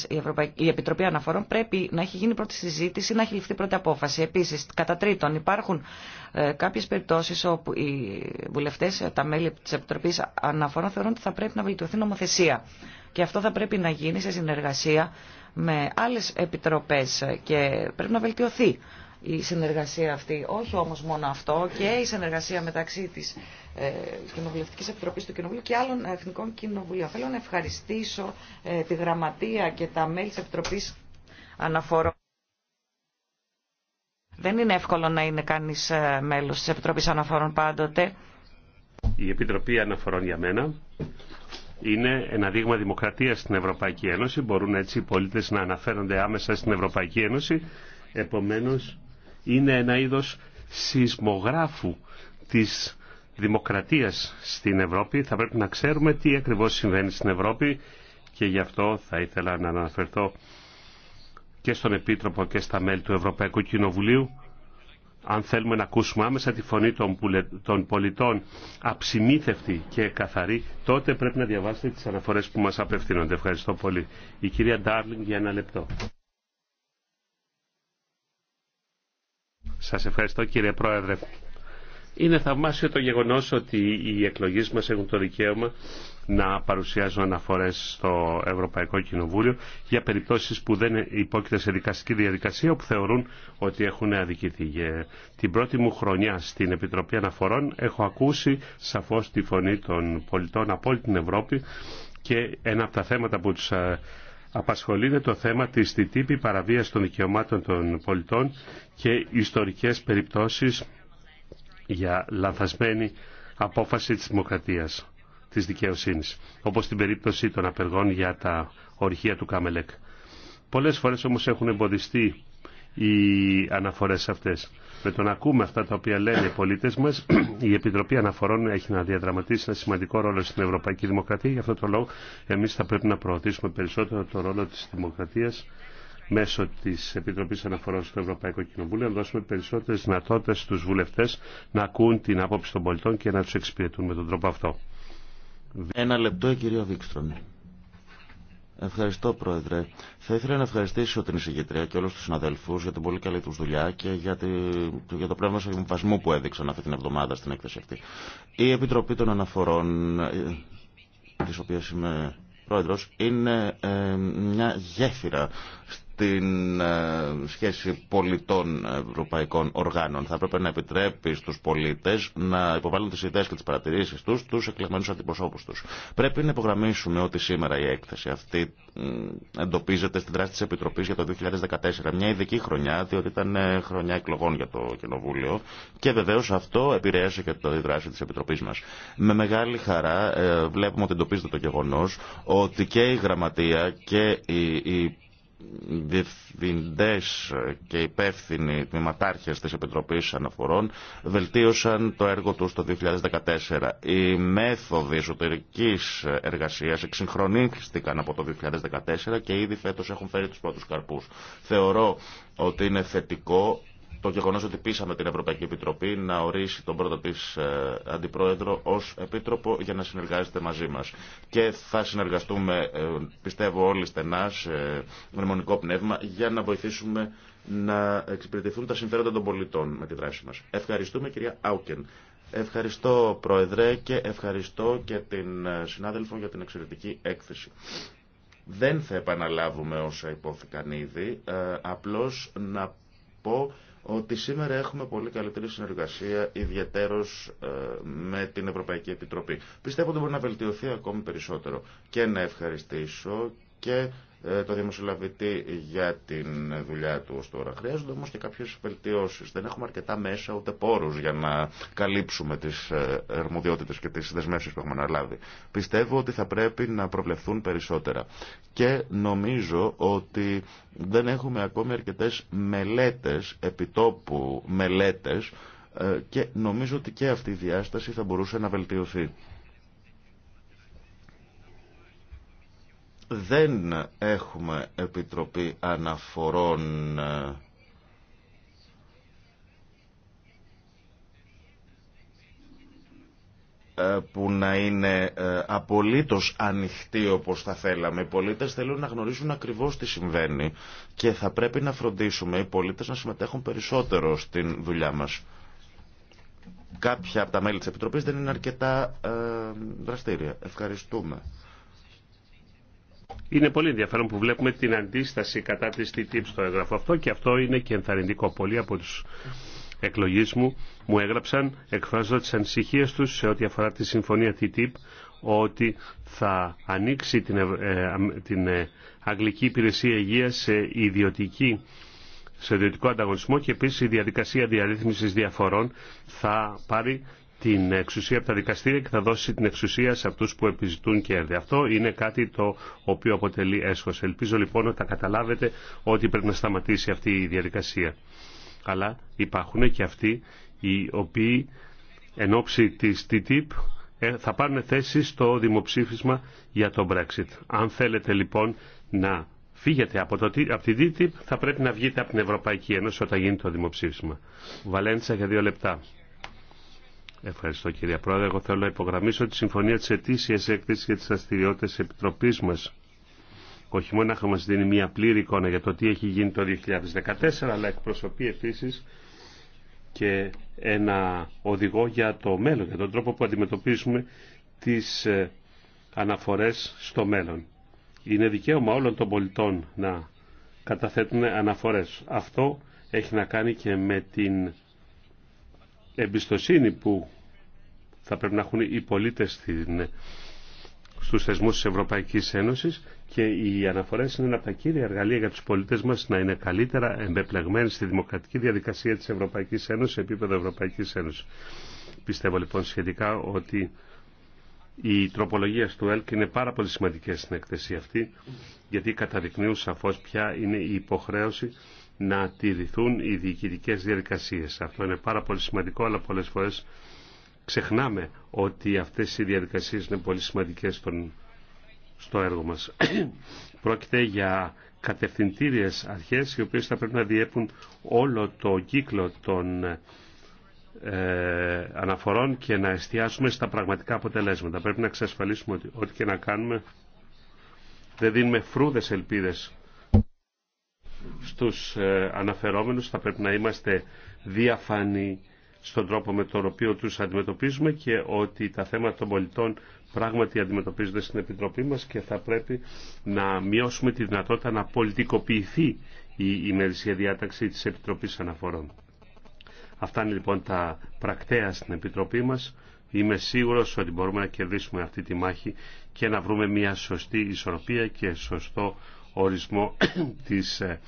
η, η Επιτροπή Αναφορών πρέπει να έχει γίνει πρώτη συζήτηση, να έχει ληφθεί πρώτη απόφαση. Επίσης, κατά τρίτον, υπάρχουν ε, κάποιες περιπτώσεις όπου οι βουλευτές, τα μέλη της Επιτροπής Αναφορών θεωρούν ότι θα πρέπει να βελτιωθεί νομοθεσία. Και αυτό θα πρέπει να γίνει σε συνεργασία με άλλες επιτροπές και πρέπει να βελτιωθεί η συνεργασία αυτή. Όχι όμως μόνο αυτό και η συνεργασία μεταξύ της ε, Κοινοβουλευτικής Επιτροπής του Κοινοβουλίου και άλλων Εθνικών Κοινοβουλίων. Θέλω να ευχαριστήσω ε, τη Γραμματεία και τα μέλη της Επιτροπής Αναφορών. Δεν είναι εύκολο να είναι κανείς ε, μέλος της Επιτροπής Αναφορών πάντοτε. Η Επιτροπή Αναφορών για μένα είναι ένα δείγμα δημοκρατίας στην Ευρωπαϊκή Ένωση. Μπορούν έτσι οι πολίτες να αναφέρονται άμεσα στην Ευρωπαϊκή Ένωση. Επομένως, είναι ένα είδος σεισμογράφου της δημοκρατίας στην Ευρώπη. Θα πρέπει να ξέρουμε τι ακριβώς συμβαίνει στην Ευρώπη και γι' αυτό θα ήθελα να αναφερθώ και στον Επίτροπο και στα μέλη του Ευρωπαϊκού Κοινοβουλίου αν θέλουμε να ακούσουμε άμεσα τη φωνή των πολιτών αψημίθευτη και καθαρή, τότε πρέπει να διαβάσετε τις αναφορές που μας απευθύνονται. Ευχαριστώ πολύ. Η κυρία Ντάρλινγκ για ένα λεπτό. Σας ευχαριστώ κύριε Πρόεδρε. Είναι θαυμάσιο το γεγονός ότι οι εκλογές μας έχουν το δικαίωμα να παρουσιάζουν αναφορές στο Ευρωπαϊκό Κοινοβούλιο για περιπτώσεις που δεν υπόκειται σε δικαστική διαδικασία που θεωρούν ότι έχουν αδικηθεί. Την πρώτη μου χρονιά στην Επιτροπή Αναφορών έχω ακούσει σαφώς τη φωνή των πολιτών από όλη την Ευρώπη και ένα από τα θέματα που τους ε, απασχολείται το θέμα της τύπη παραβίας των δικαιωμάτων των πολιτών και ιστορικές περιπτώσεις για λανθασμένη απόφαση της δημοκρατίας, της δικαιοσύνης, όπως την περίπτωση των απεργών για τα ορχεία του Καμελέκ. Πολλές φορές όμως έχουν εμποδιστεί οι αναφορές αυτές με το να ακούμε αυτά τα οποία λένε οι πολίτε μα, η Επιτροπή Αναφορών έχει να διαδραματίσει ένα σημαντικό ρόλο στην Ευρωπαϊκή Δημοκρατία. Γι' αυτό το λόγο, εμεί θα πρέπει να προωθήσουμε περισσότερο το ρόλο τη Δημοκρατία μέσω τη Επιτροπή Αναφορών στο Ευρωπαϊκό Κοινοβούλιο, να δώσουμε περισσότερε δυνατότητε στου βουλευτέ να ακούν την άποψη των πολιτών και να του εξυπηρετούν με τον τρόπο αυτό. Ένα λεπτό, κύριο Ευχαριστώ, Πρόεδρε. Θα ήθελα να ευχαριστήσω την εισηγητρία και όλου του συναδέλφου για την πολύ καλή του δουλειά και για, τη... για το πνεύμα συμβασμού που έδειξαν αυτή την εβδομάδα στην έκθεση αυτή. Η Επιτροπή των Αναφορών, ε, τη οποία είμαι πρόεδρο, είναι ε, μια γέφυρα την ε, σχέση πολιτών ευρωπαϊκών οργάνων. Θα έπρεπε να επιτρέπει στους πολίτες να υποβάλουν τις ιδέες και τις παρατηρήσεις τους στους εκλεγμένους αντιπροσώπους τους. Πρέπει να υπογραμμίσουμε ότι σήμερα η έκθεση αυτή εντοπίζεται στη δράση της Επιτροπής για το 2014. Μια ειδική χρονιά, διότι ήταν ε, χρονιά εκλογών για το Κοινοβούλιο και βεβαίως αυτό επηρέασε και τη δράση της Επιτροπής μας. Με μεγάλη χαρά ε, βλέπουμε ότι εντοπίζεται το γεγονό ότι και η Γραμματεία και η διευθυντές και υπεύθυνοι τμήματάρχες της Επιτροπής Αναφορών βελτίωσαν το έργο τους το 2014. Οι μέθοδοι εσωτερικής εργασίας εξυγχρονίστηκαν από το 2014 και ήδη φέτος έχουν φέρει τους πρώτους καρπούς. Θεωρώ ότι είναι θετικό το γεγονό ότι πείσαμε την Ευρωπαϊκή Επιτροπή να ορίσει τον πρώτο τη ε, αντιπρόεδρο ω επίτροπο για να συνεργάζεται μαζί μα. Και θα συνεργαστούμε, ε, πιστεύω, όλοι στενά σε μνημονικό πνεύμα για να βοηθήσουμε να εξυπηρετηθούν τα συμφέροντα των πολιτών με τη δράση μα. Ευχαριστούμε, κυρία Άουκεν. Ευχαριστώ, Πρόεδρε, και ευχαριστώ και την ε, συνάδελφο για την εξαιρετική έκθεση. Δεν θα επαναλάβουμε όσα υπόθηκαν ήδη, απλώς να πω ότι σήμερα έχουμε πολύ καλύτερη συνεργασία, ιδιαίτερω ε, με την Ευρωπαϊκή Επιτροπή. Πιστεύω ότι μπορεί να βελτιωθεί ακόμη περισσότερο. Και να ευχαριστήσω και ε, το δημοσιολαβητή για την δουλειά του ως τώρα. Χρειάζονται όμως και κάποιες βελτιώσεις. Δεν έχουμε αρκετά μέσα ούτε πόρους για να καλύψουμε τις ε, αρμοδιότητες και τις δεσμεύσεις που έχουμε αναλάβει. Πιστεύω ότι θα πρέπει να προβλεφθούν περισσότερα. Και νομίζω ότι δεν έχουμε ακόμη αρκετές μελέτες, επιτόπου μελέτες, ε, και νομίζω ότι και αυτή η διάσταση θα μπορούσε να βελτιωθεί. δεν έχουμε επιτροπή αναφορών ε, ε, που να είναι ε, απολύτως ανοιχτή όπως θα θέλαμε. Οι πολίτες θέλουν να γνωρίζουν ακριβώς τι συμβαίνει και θα πρέπει να φροντίσουμε οι πολίτες να συμμετέχουν περισσότερο στην δουλειά μας. Κάποια από τα μέλη της Επιτροπής δεν είναι αρκετά δραστήρια. Ευχαριστούμε. Είναι πολύ ενδιαφέρον που βλέπουμε την αντίσταση κατά της TTIP στο έγγραφο αυτό και αυτό είναι και ενθαρρυντικό. Πολλοί από τους εκλογείς μου μου έγραψαν εκφράζοντα τις ανησυχίες τους σε ό,τι αφορά τη συμφωνία TTIP ότι θα ανοίξει την, ε, την ε, Αγγλική Υπηρεσία Υγείας σε ιδιωτική σε ιδιωτικό ανταγωνισμό και επίσης η διαδικασία διαρρύθμισης διαφορών θα πάρει την εξουσία από τα δικαστήρια και θα δώσει την εξουσία σε αυτού που επιζητούν κέρδη. Αυτό είναι κάτι το οποίο αποτελεί έσχο. Ελπίζω λοιπόν ότι θα καταλάβετε ότι πρέπει να σταματήσει αυτή η διαδικασία. Αλλά υπάρχουν και αυτοί οι οποίοι εν ώψη της TTIP ε, θα πάρουν θέση στο δημοψήφισμα για το Brexit. Αν θέλετε λοιπόν να φύγετε από, το, από την TTIP θα πρέπει να βγείτε από την Ευρωπαϊκή Ένωση όταν γίνει το δημοψήφισμα. Βαλέντσα για δύο λεπτά. Ευχαριστώ κύριε Πρόεδρε. Εγώ θέλω να υπογραμμίσω τη συμφωνία της ετήσιας έκθεσης για τις δραστηριότητε επιτροπής μας. Όχι μόνο να μας δίνει μια πλήρη εικόνα για το τι έχει γίνει το 2014, αλλά εκπροσωπεί επίση και ένα οδηγό για το μέλλον, για τον τρόπο που αντιμετωπίζουμε τις ε, αναφορές στο μέλλον. Είναι δικαίωμα όλων των πολιτών να καταθέτουν αναφορές. Αυτό έχει να κάνει και με την εμπιστοσύνη που θα πρέπει να έχουν οι πολίτες στην, στους θεσμούς της Ευρωπαϊκής Ένωσης και οι αναφορές είναι ένα από τα κύρια εργαλεία για τους πολίτες μας να είναι καλύτερα εμπεπλεγμένοι στη δημοκρατική διαδικασία της Ευρωπαϊκής Ένωσης σε επίπεδο Ευρωπαϊκής Ένωσης. Πιστεύω λοιπόν σχετικά ότι οι τροπολογίε του ΕΛΚ είναι πάρα πολύ σημαντικές στην εκθεσία αυτή γιατί καταδεικνύουν σαφώς ποια είναι η υποχρέωση να τηρηθούν οι διοικητικές διαδικασίες. Αυτό είναι πάρα πολύ σημαντικό, αλλά πολλές φορές ξεχνάμε ότι αυτές οι διαδικασίες είναι πολύ σημαντικές στο έργο μας. Πρόκειται για κατευθυντήριες αρχές οι οποίες θα πρέπει να διέπουν όλο το κύκλο των ε, αναφορών και να εστιάσουμε στα πραγματικά αποτελέσματα. Πρέπει να εξασφαλίσουμε ότι ό,τι και να κάνουμε δεν δίνουμε φρούδες ελπίδες στους ε, αναφερόμενους. Θα πρέπει να είμαστε διαφάνει στον τρόπο με τον οποίο τους αντιμετωπίζουμε και ότι τα θέματα των πολιτών πράγματι αντιμετωπίζονται στην Επιτροπή μας και θα πρέπει να μειώσουμε τη δυνατότητα να πολιτικοποιηθεί η ημερησία διάταξη της Επιτροπής Αναφορών. Αυτά είναι λοιπόν τα πρακτέα στην Επιτροπή μας. Είμαι σίγουρος ότι μπορούμε να κερδίσουμε αυτή τη μάχη και να βρούμε μια σωστή ισορροπία και σωστό ορισμό της, ε,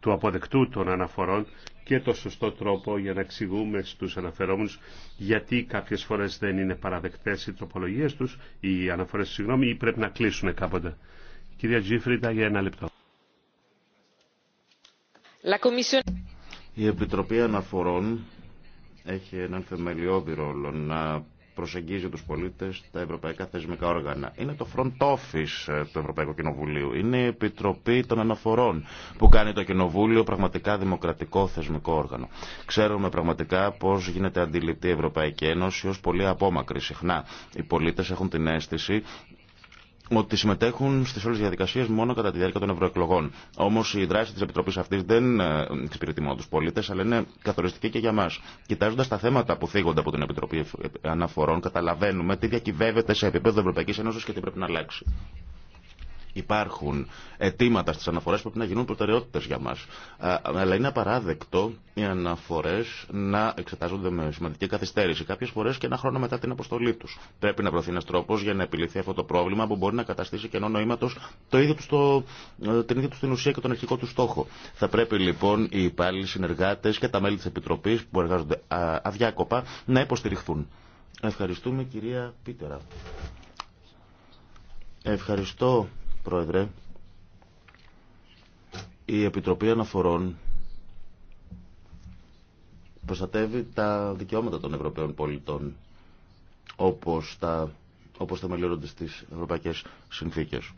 του αποδεκτού των αναφορών και το σωστό τρόπο για να εξηγούμε στους αναφερόμενους γιατί κάποιες φορές δεν είναι παραδεκτές οι τροπολογίες τους, οι αναφορές συγγνώμη, ή πρέπει να κλείσουν κάποτε. Κυρία Τζίφριντα, για ένα λεπτό. Η Επιτροπή Αναφορών έχει έναν θεμελιώδη ρόλο να προσεγγίζει τους πολίτες τα ευρωπαϊκά θεσμικά όργανα. Είναι το front office ε, του Ευρωπαϊκού Κοινοβουλίου. Είναι η Επιτροπή των Αναφορών που κάνει το Κοινοβούλιο πραγματικά δημοκρατικό θεσμικό όργανο. Ξέρουμε πραγματικά πώς γίνεται αντιληπτή η Ευρωπαϊκή Ένωση ως πολύ απόμακρη συχνά. Οι πολίτες έχουν την αίσθηση ότι συμμετέχουν στι όλε τι διαδικασίε μόνο κατά τη διάρκεια των ευρωεκλογών. Όμω η δράση τη Επιτροπή αυτή δεν εξυπηρετεί μόνο του πολίτε, αλλά είναι καθοριστική και για μα. Κοιτάζοντα τα θέματα που θίγονται από την Επιτροπή Αναφορών, καταλαβαίνουμε τι διακυβεύεται σε επίπεδο Ευρωπαϊκή Ένωση και τι πρέπει να αλλάξει. Υπάρχουν αιτήματα στις αναφορές που πρέπει να γίνουν προτεραιότητες για μας. Αλλά είναι απαράδεκτο οι αναφορές να εξετάζονται με σημαντική καθυστέρηση, κάποιες φορές και ένα χρόνο μετά την αποστολή τους. Πρέπει να προωθεί ένας τρόπος για να επιληθεί αυτό το πρόβλημα που μπορεί να καταστήσει κενό νοήματος το το, ε, την ίδια του την ουσία και τον αρχικό του στόχο. Θα πρέπει λοιπόν οι υπάλληλοι συνεργάτες και τα μέλη της Επιτροπής που εργάζονται αδιάκοπα να υποστηριχθούν. Ευχαριστούμε κυρία Πίτερα. Ευχαριστώ Πρόεδρε. Η Επιτροπή Αναφορών προστατεύει τα δικαιώματα των Ευρωπαίων πολιτών όπως τα όπως θεμελιώνονται στις ευρωπαϊκές συνθήκες.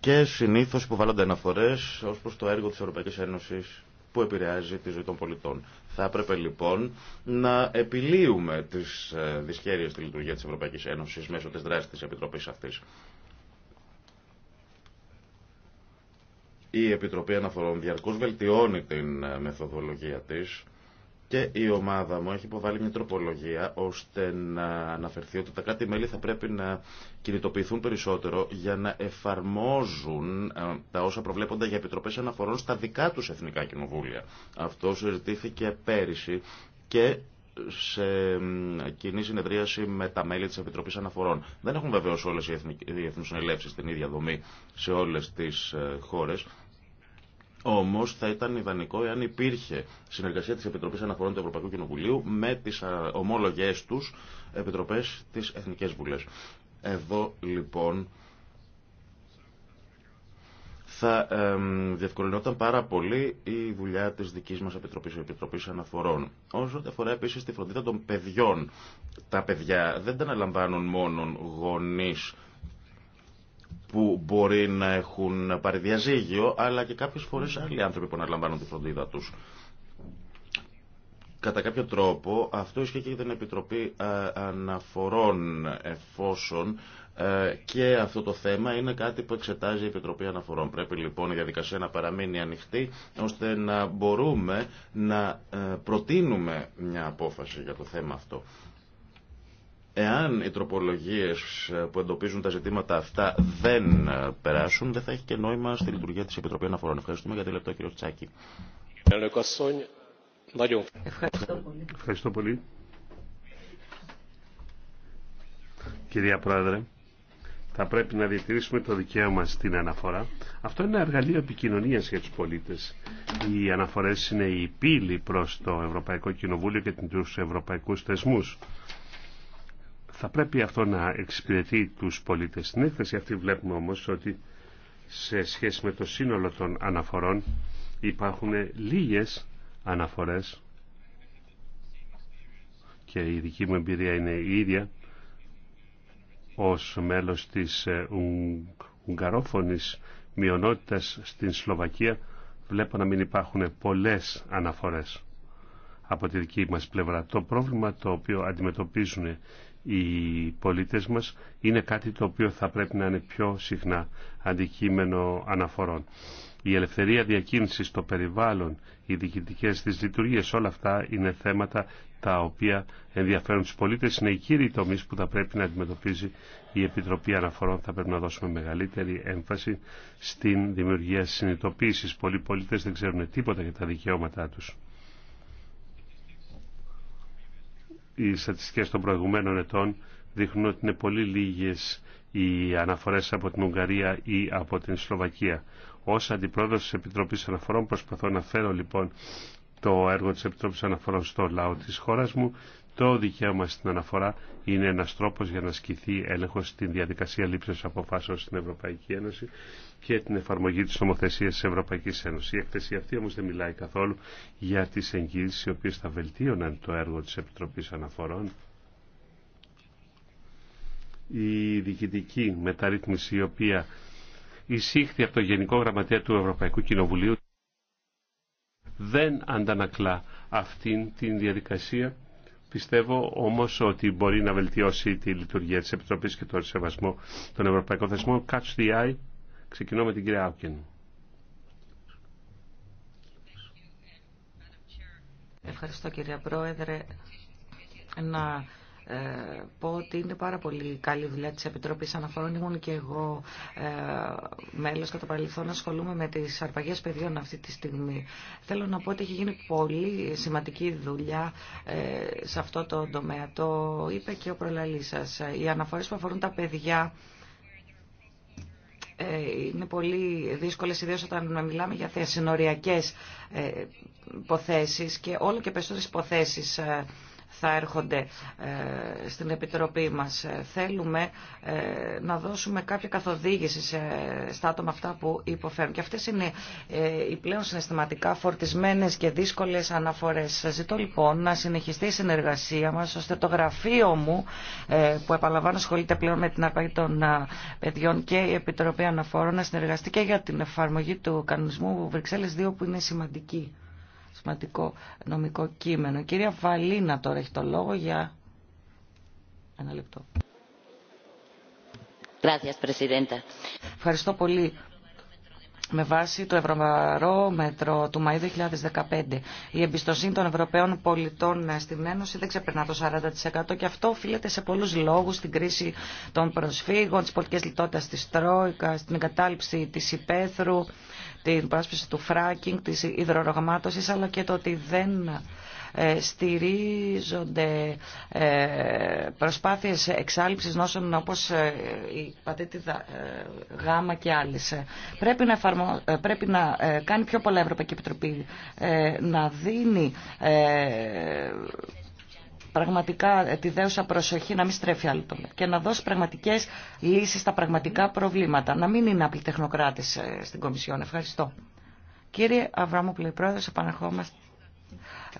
Και συνήθως υποβάλλονται αναφορές ως προς το έργο της Ευρωπαϊκής Ένωσης που επηρεάζει τη ζωή των πολιτών. Θα έπρεπε λοιπόν να επιλύουμε τις ε, δυσχέρειες στη λειτουργία της Ευρωπαϊκής Ένωσης μέσω της δράσης της Επιτροπής αυτής. Η Επιτροπή Αναφορών διαρκώς βελτιώνει την ε, μεθοδολογία της και η ομάδα μου έχει υποβάλει μια τροπολογία ώστε να αναφερθεί ότι τα κάτι μελη θα πρέπει να κινητοποιηθούν περισσότερο για να εφαρμόζουν ε, τα όσα προβλέπονται για επιτροπές αναφορών στα δικά τους εθνικά κοινοβούλια. Αυτό συζητήθηκε πέρυσι και σε κοινή συνεδρίαση με τα μέλη τη Επιτροπής Αναφορών. Δεν έχουν βεβαίω όλες οι συνελεύσει την ίδια δομή σε όλες τις ε, χώρες. Όμω θα ήταν ιδανικό εάν υπήρχε συνεργασία τη Επιτροπή Αναφορών του Ευρωπαϊκού Κοινοβουλίου με τι ομόλογέ του επιτροπέ τη Εθνικέ Βουλέ. Εδώ λοιπόν θα διευκολυνόταν πάρα πολύ η δουλειά της δικής μας επιτροπή Επιτροπής Αναφορών. Όσο αφορά επίσης τη φροντίδα των παιδιών, τα παιδιά δεν τα αναλαμβάνουν μόνο γονείς που μπορεί να έχουν πάρει διαζύγιο, αλλά και κάποιε φορές άλλοι άνθρωποι που αναλαμβάνουν τη φροντίδα τους. Κατά κάποιο τρόπο αυτό ισχύει και για την Επιτροπή ε, Αναφορών εφόσον ε, και αυτό το θέμα είναι κάτι που εξετάζει η Επιτροπή Αναφορών. Πρέπει λοιπόν η διαδικασία να παραμείνει ανοιχτή ώστε να μπορούμε να ε, προτείνουμε μια απόφαση για το θέμα αυτό. Εάν οι τροπολογίες ε, που εντοπίζουν τα ζητήματα αυτά δεν περάσουν, δεν θα έχει και νόημα στη λειτουργία της Επιτροπή Αναφορών. Ευχαριστούμε για τη λεπτό κύριο Τσάκη. Ευχαριστώ πολύ. Ευχαριστώ πολύ. Κυρία Πρόεδρε, θα πρέπει να διατηρήσουμε το δικαίωμα στην αναφορά. Αυτό είναι ένα εργαλείο επικοινωνία για του πολίτε. Οι αναφορέ είναι η πύλη προ το Ευρωπαϊκό Κοινοβούλιο και του ευρωπαϊκού θεσμού. Θα πρέπει αυτό να εξυπηρετεί του πολίτε. Στην έκθεση αυτή βλέπουμε όμω ότι σε σχέση με το σύνολο των αναφορών υπάρχουν λίγες αναφορές και η δική μου εμπειρία είναι η ίδια ως μέλος της ε, ουγγαρόφωνης μειονότητας στην Σλοβακία βλέπω να μην υπάρχουν πολλές αναφορές από τη δική μας πλευρά. Το πρόβλημα το οποίο αντιμετωπίζουν οι πολίτες μας είναι κάτι το οποίο θα πρέπει να είναι πιο συχνά αντικείμενο αναφορών η ελευθερία διακίνηση το περιβάλλον, οι διοικητικέ τη λειτουργίε, όλα αυτά είναι θέματα τα οποία ενδιαφέρουν του πολίτε. Είναι οι κύριοι τομεί που θα πρέπει να αντιμετωπίζει η Επιτροπή Αναφορών. Θα πρέπει να δώσουμε μεγαλύτερη έμφαση στην δημιουργία συνειδητοποίηση. Πολλοί πολίτε δεν ξέρουν τίποτα για τα δικαιώματά του. Οι στατιστικές των προηγουμένων ετών δείχνουν ότι είναι πολύ λίγε οι αναφορέ από την Ουγγαρία ή από την Σλοβακία. Ως Αντιπρόεδρος της Επιτροπής Αναφορών προσπαθώ να φέρω λοιπόν το έργο της Επιτροπής Αναφορών στο λαό της χώρας μου. Το δικαίωμα στην αναφορά είναι ένας τρόπος για να ασκηθεί έλεγχος στην διαδικασία λήψης αποφάσεων στην Ευρωπαϊκή Ένωση και την εφαρμογή της νομοθεσίας της Ευρωπαϊκής Ένωσης. Η εκθεσία αυτή όμως δεν μιλάει καθόλου για τις εγγύησεις οι οποίες θα βελτίωναν το έργο της Επιτροπής Αναφορών. Η διοικητική μεταρρύθμιση η οποία εισήχθη από το Γενικό Γραμματέα του Ευρωπαϊκού Κοινοβουλίου δεν αντανακλά αυτήν την διαδικασία. Πιστεύω όμως ότι μπορεί να βελτιώσει τη λειτουργία της Επιτροπής και τον σεβασμό των Ευρωπαϊκών Θεσμών. Catch the eye. Ξεκινώ με την κυρία Άουκεν. Ευχαριστώ κυρία Πρόεδρε. Να ε, πω ότι είναι πάρα πολύ καλή δουλειά της Επιτροπής Αναφορών. Ήμουν και εγώ ε, μέλος κατά παρελθόν ασχολούμαι με τις αρπαγές παιδιών αυτή τη στιγμή. Θέλω να πω ότι έχει γίνει πολύ σημαντική δουλειά ε, σε αυτό το τομέα. Το είπε και ο προλαλής σας. Οι αναφορές που αφορούν τα παιδιά είναι πολύ δύσκολε, ιδίως όταν μιλάμε για θεσινοριακές υποθέσει και όλο και περισσότερε υποθέσει θα έρχονται ε, στην Επιτροπή μας. Θέλουμε ε, να δώσουμε κάποια καθοδήγηση στα άτομα αυτά που υποφέρουν. Και αυτές είναι ε, οι πλέον συναισθηματικά φορτισμένες και δύσκολες αναφορές. Ζητώ λοιπόν να συνεχιστεί η συνεργασία μας, ώστε το γραφείο μου, που επαλαμβάνω ασχολείται πλέον με την αρπαγή των παιδιών και η Επιτροπή Αναφορών, να συνεργαστεί και για την εφαρμογή του κανονισμού Βρυξέλλες 2 που είναι σημαντική σημαντικό νομικό κείμενο. κυρία Βαλίνα τώρα έχει το λόγο για ένα λεπτό. Ευχαριστώ πολύ. Με βάση το Μέτρο του Μαΐου 2015, η εμπιστοσύνη των Ευρωπαίων πολιτών στην Ένωση δεν ξεπερνά το 40% και αυτό οφείλεται σε πολλούς λόγους, στην κρίση των προσφύγων, τις πολιτικές λιτότητας της Τρόικα, στην εγκατάλειψη της υπαίθρου, την υπάσπιση του φράκινγκ, της υδρορογμάτωσης, αλλά και το ότι δεν ε, στηρίζονται ε, προσπάθειες εξάλληψης νόσων όπως ε, η πατήτη γάμα και άλλες. Πρέπει να, πρέπει να κάνει πιο πολλά Ευρωπαϊκή Επιτροπή, να δίνει πραγματικά τη δέουσα προσοχή να μην στρέφει άλλο και να δώσει πραγματικές λύσεις στα πραγματικά προβλήματα. Να μην είναι απλοί τεχνοκράτες ε, στην Κομισιόν. Ευχαριστώ. Κύριε Αβραμόπουλε, πρόεδρος, επαναρχόμαστε.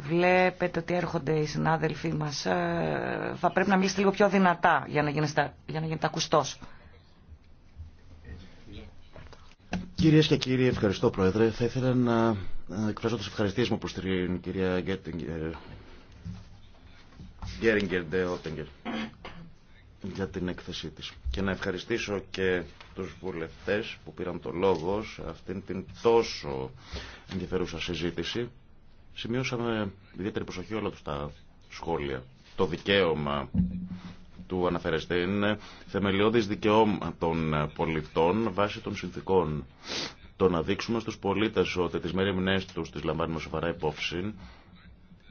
Βλέπετε ότι έρχονται οι συνάδελφοί μας. Ε, θα πρέπει να μιλήσετε λίγο πιο δυνατά για να γίνετε, για να Κυρίε και κύριοι, ευχαριστώ Πρόεδρε. Θα ήθελα να ε, εκφράσω τι ευχαριστίε μου την κυρία Γκέριγκερ Ντε για την έκθεσή της. Και να ευχαριστήσω και τους βουλευτές που πήραν το λόγο σε αυτήν την τόσο ενδιαφέρουσα συζήτηση. Σημειώσαμε ιδιαίτερη προσοχή όλα τους τα σχόλια. Το δικαίωμα του αναφέρεστε είναι θεμελιώδης δικαιώμα των πολιτών βάσει των συνθήκων. Το να δείξουμε στους πολίτες ότι τις μεριμνές τους τις λαμβάνουμε σοβαρά υπόψη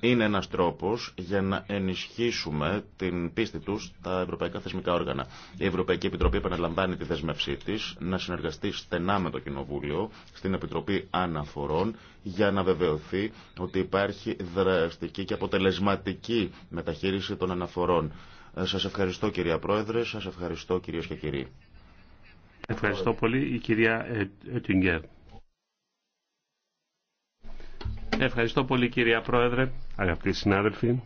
είναι ένας τρόπος για να ενισχύσουμε την πίστη τους στα ευρωπαϊκά θεσμικά όργανα. Η Ευρωπαϊκή Επιτροπή επαναλαμβάνει τη δέσμευσή της να συνεργαστεί στενά με το Κοινοβούλιο στην Επιτροπή Αναφορών για να βεβαιωθεί ότι υπάρχει δραστική και αποτελεσματική μεταχείριση των αναφορών. Ε, σας ευχαριστώ κυρία Πρόεδρε, σας ευχαριστώ κυρίες και κύριοι. Ευχαριστώ πολύ η κυρία ε- Ευχαριστώ πολύ κύριε Πρόεδρε, αγαπητοί συνάδελφοι.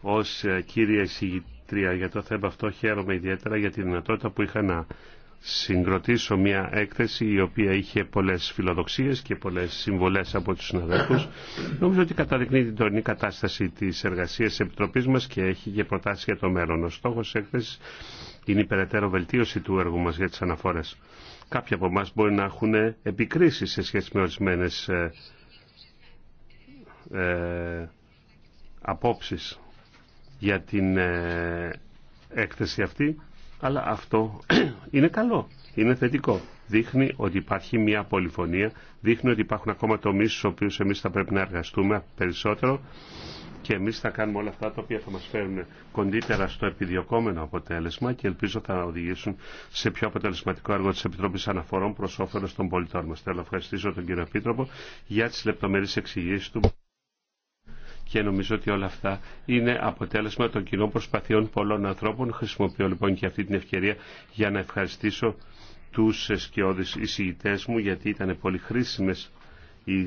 Ως ε, κύρια εισηγητρία για το θέμα αυτό χαίρομαι ιδιαίτερα για τη δυνατότητα που είχα να συγκροτήσω μια έκθεση η οποία είχε πολλές φιλοδοξίες και πολλές συμβολές από τους συναδέλφους. Νομίζω ότι καταδεικνύει την τωρινή κατάσταση της εργασίας της Επιτροπής μας και έχει και προτάσει για το μέλλον. Ο στόχος της έκθεσης είναι η περαιτέρω βελτίωση του έργου μας για τις αναφορές. Κάποιοι από εμά μπορεί να έχουν επικρίσεις σε σχέση με ορισμένες ε, ε απόψεις για την ε, έκθεση αυτή, αλλά αυτό είναι καλό, είναι θετικό. Δείχνει ότι υπάρχει μια πολυφωνία, δείχνει ότι υπάρχουν ακόμα τομείς στους οποίους εμείς θα πρέπει να εργαστούμε περισσότερο και εμείς θα κάνουμε όλα αυτά τα οποία θα μας φέρουν κοντύτερα στο επιδιωκόμενο αποτέλεσμα και ελπίζω θα οδηγήσουν σε πιο αποτελεσματικό έργο της Επιτροπής Αναφορών προς όφελος των πολιτών μας. Θέλω να ευχαριστήσω τον κύριο Επίτροπο για τις λεπτομερείς εξηγήσεις του και νομίζω ότι όλα αυτά είναι αποτέλεσμα των κοινών προσπαθειών πολλών ανθρώπων. Χρησιμοποιώ λοιπόν και αυτή την ευκαιρία για να ευχαριστήσω τους σκιώδεις εισηγητές μου γιατί ήταν πολύ χρήσιμες οι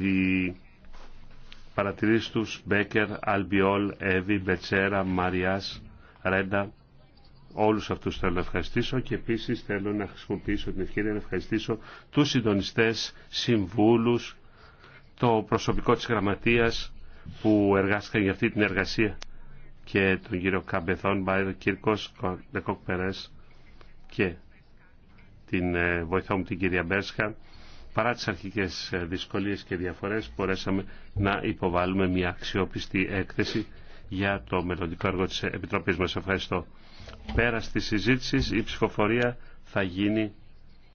παρατηρήσεις τους Μπέκερ, Αλμπιόλ, Εύη, Μπετσέρα, Μαριάς, Ρέντα. Όλους αυτούς θέλω να ευχαριστήσω και επίσης θέλω να χρησιμοποιήσω την ευκαιρία να ευχαριστήσω τους συντονιστές, συμβούλους, το προσωπικό της γραμματείας που εργάστηκαν για αυτή την εργασία και τον κύριο Καμπεθόν Μπάιρ Κύρκος Λεκόκ Περές και την ε, βοηθό μου την κυρία Μπέρσχα παρά τις αρχικές ε, δυσκολίες και διαφορές μπορέσαμε να υποβάλουμε μια αξιόπιστη έκθεση για το μελλοντικό έργο της Επιτροπής μας. Ευχαριστώ. Πέρα τη συζήτηση η ψηφοφορία θα γίνει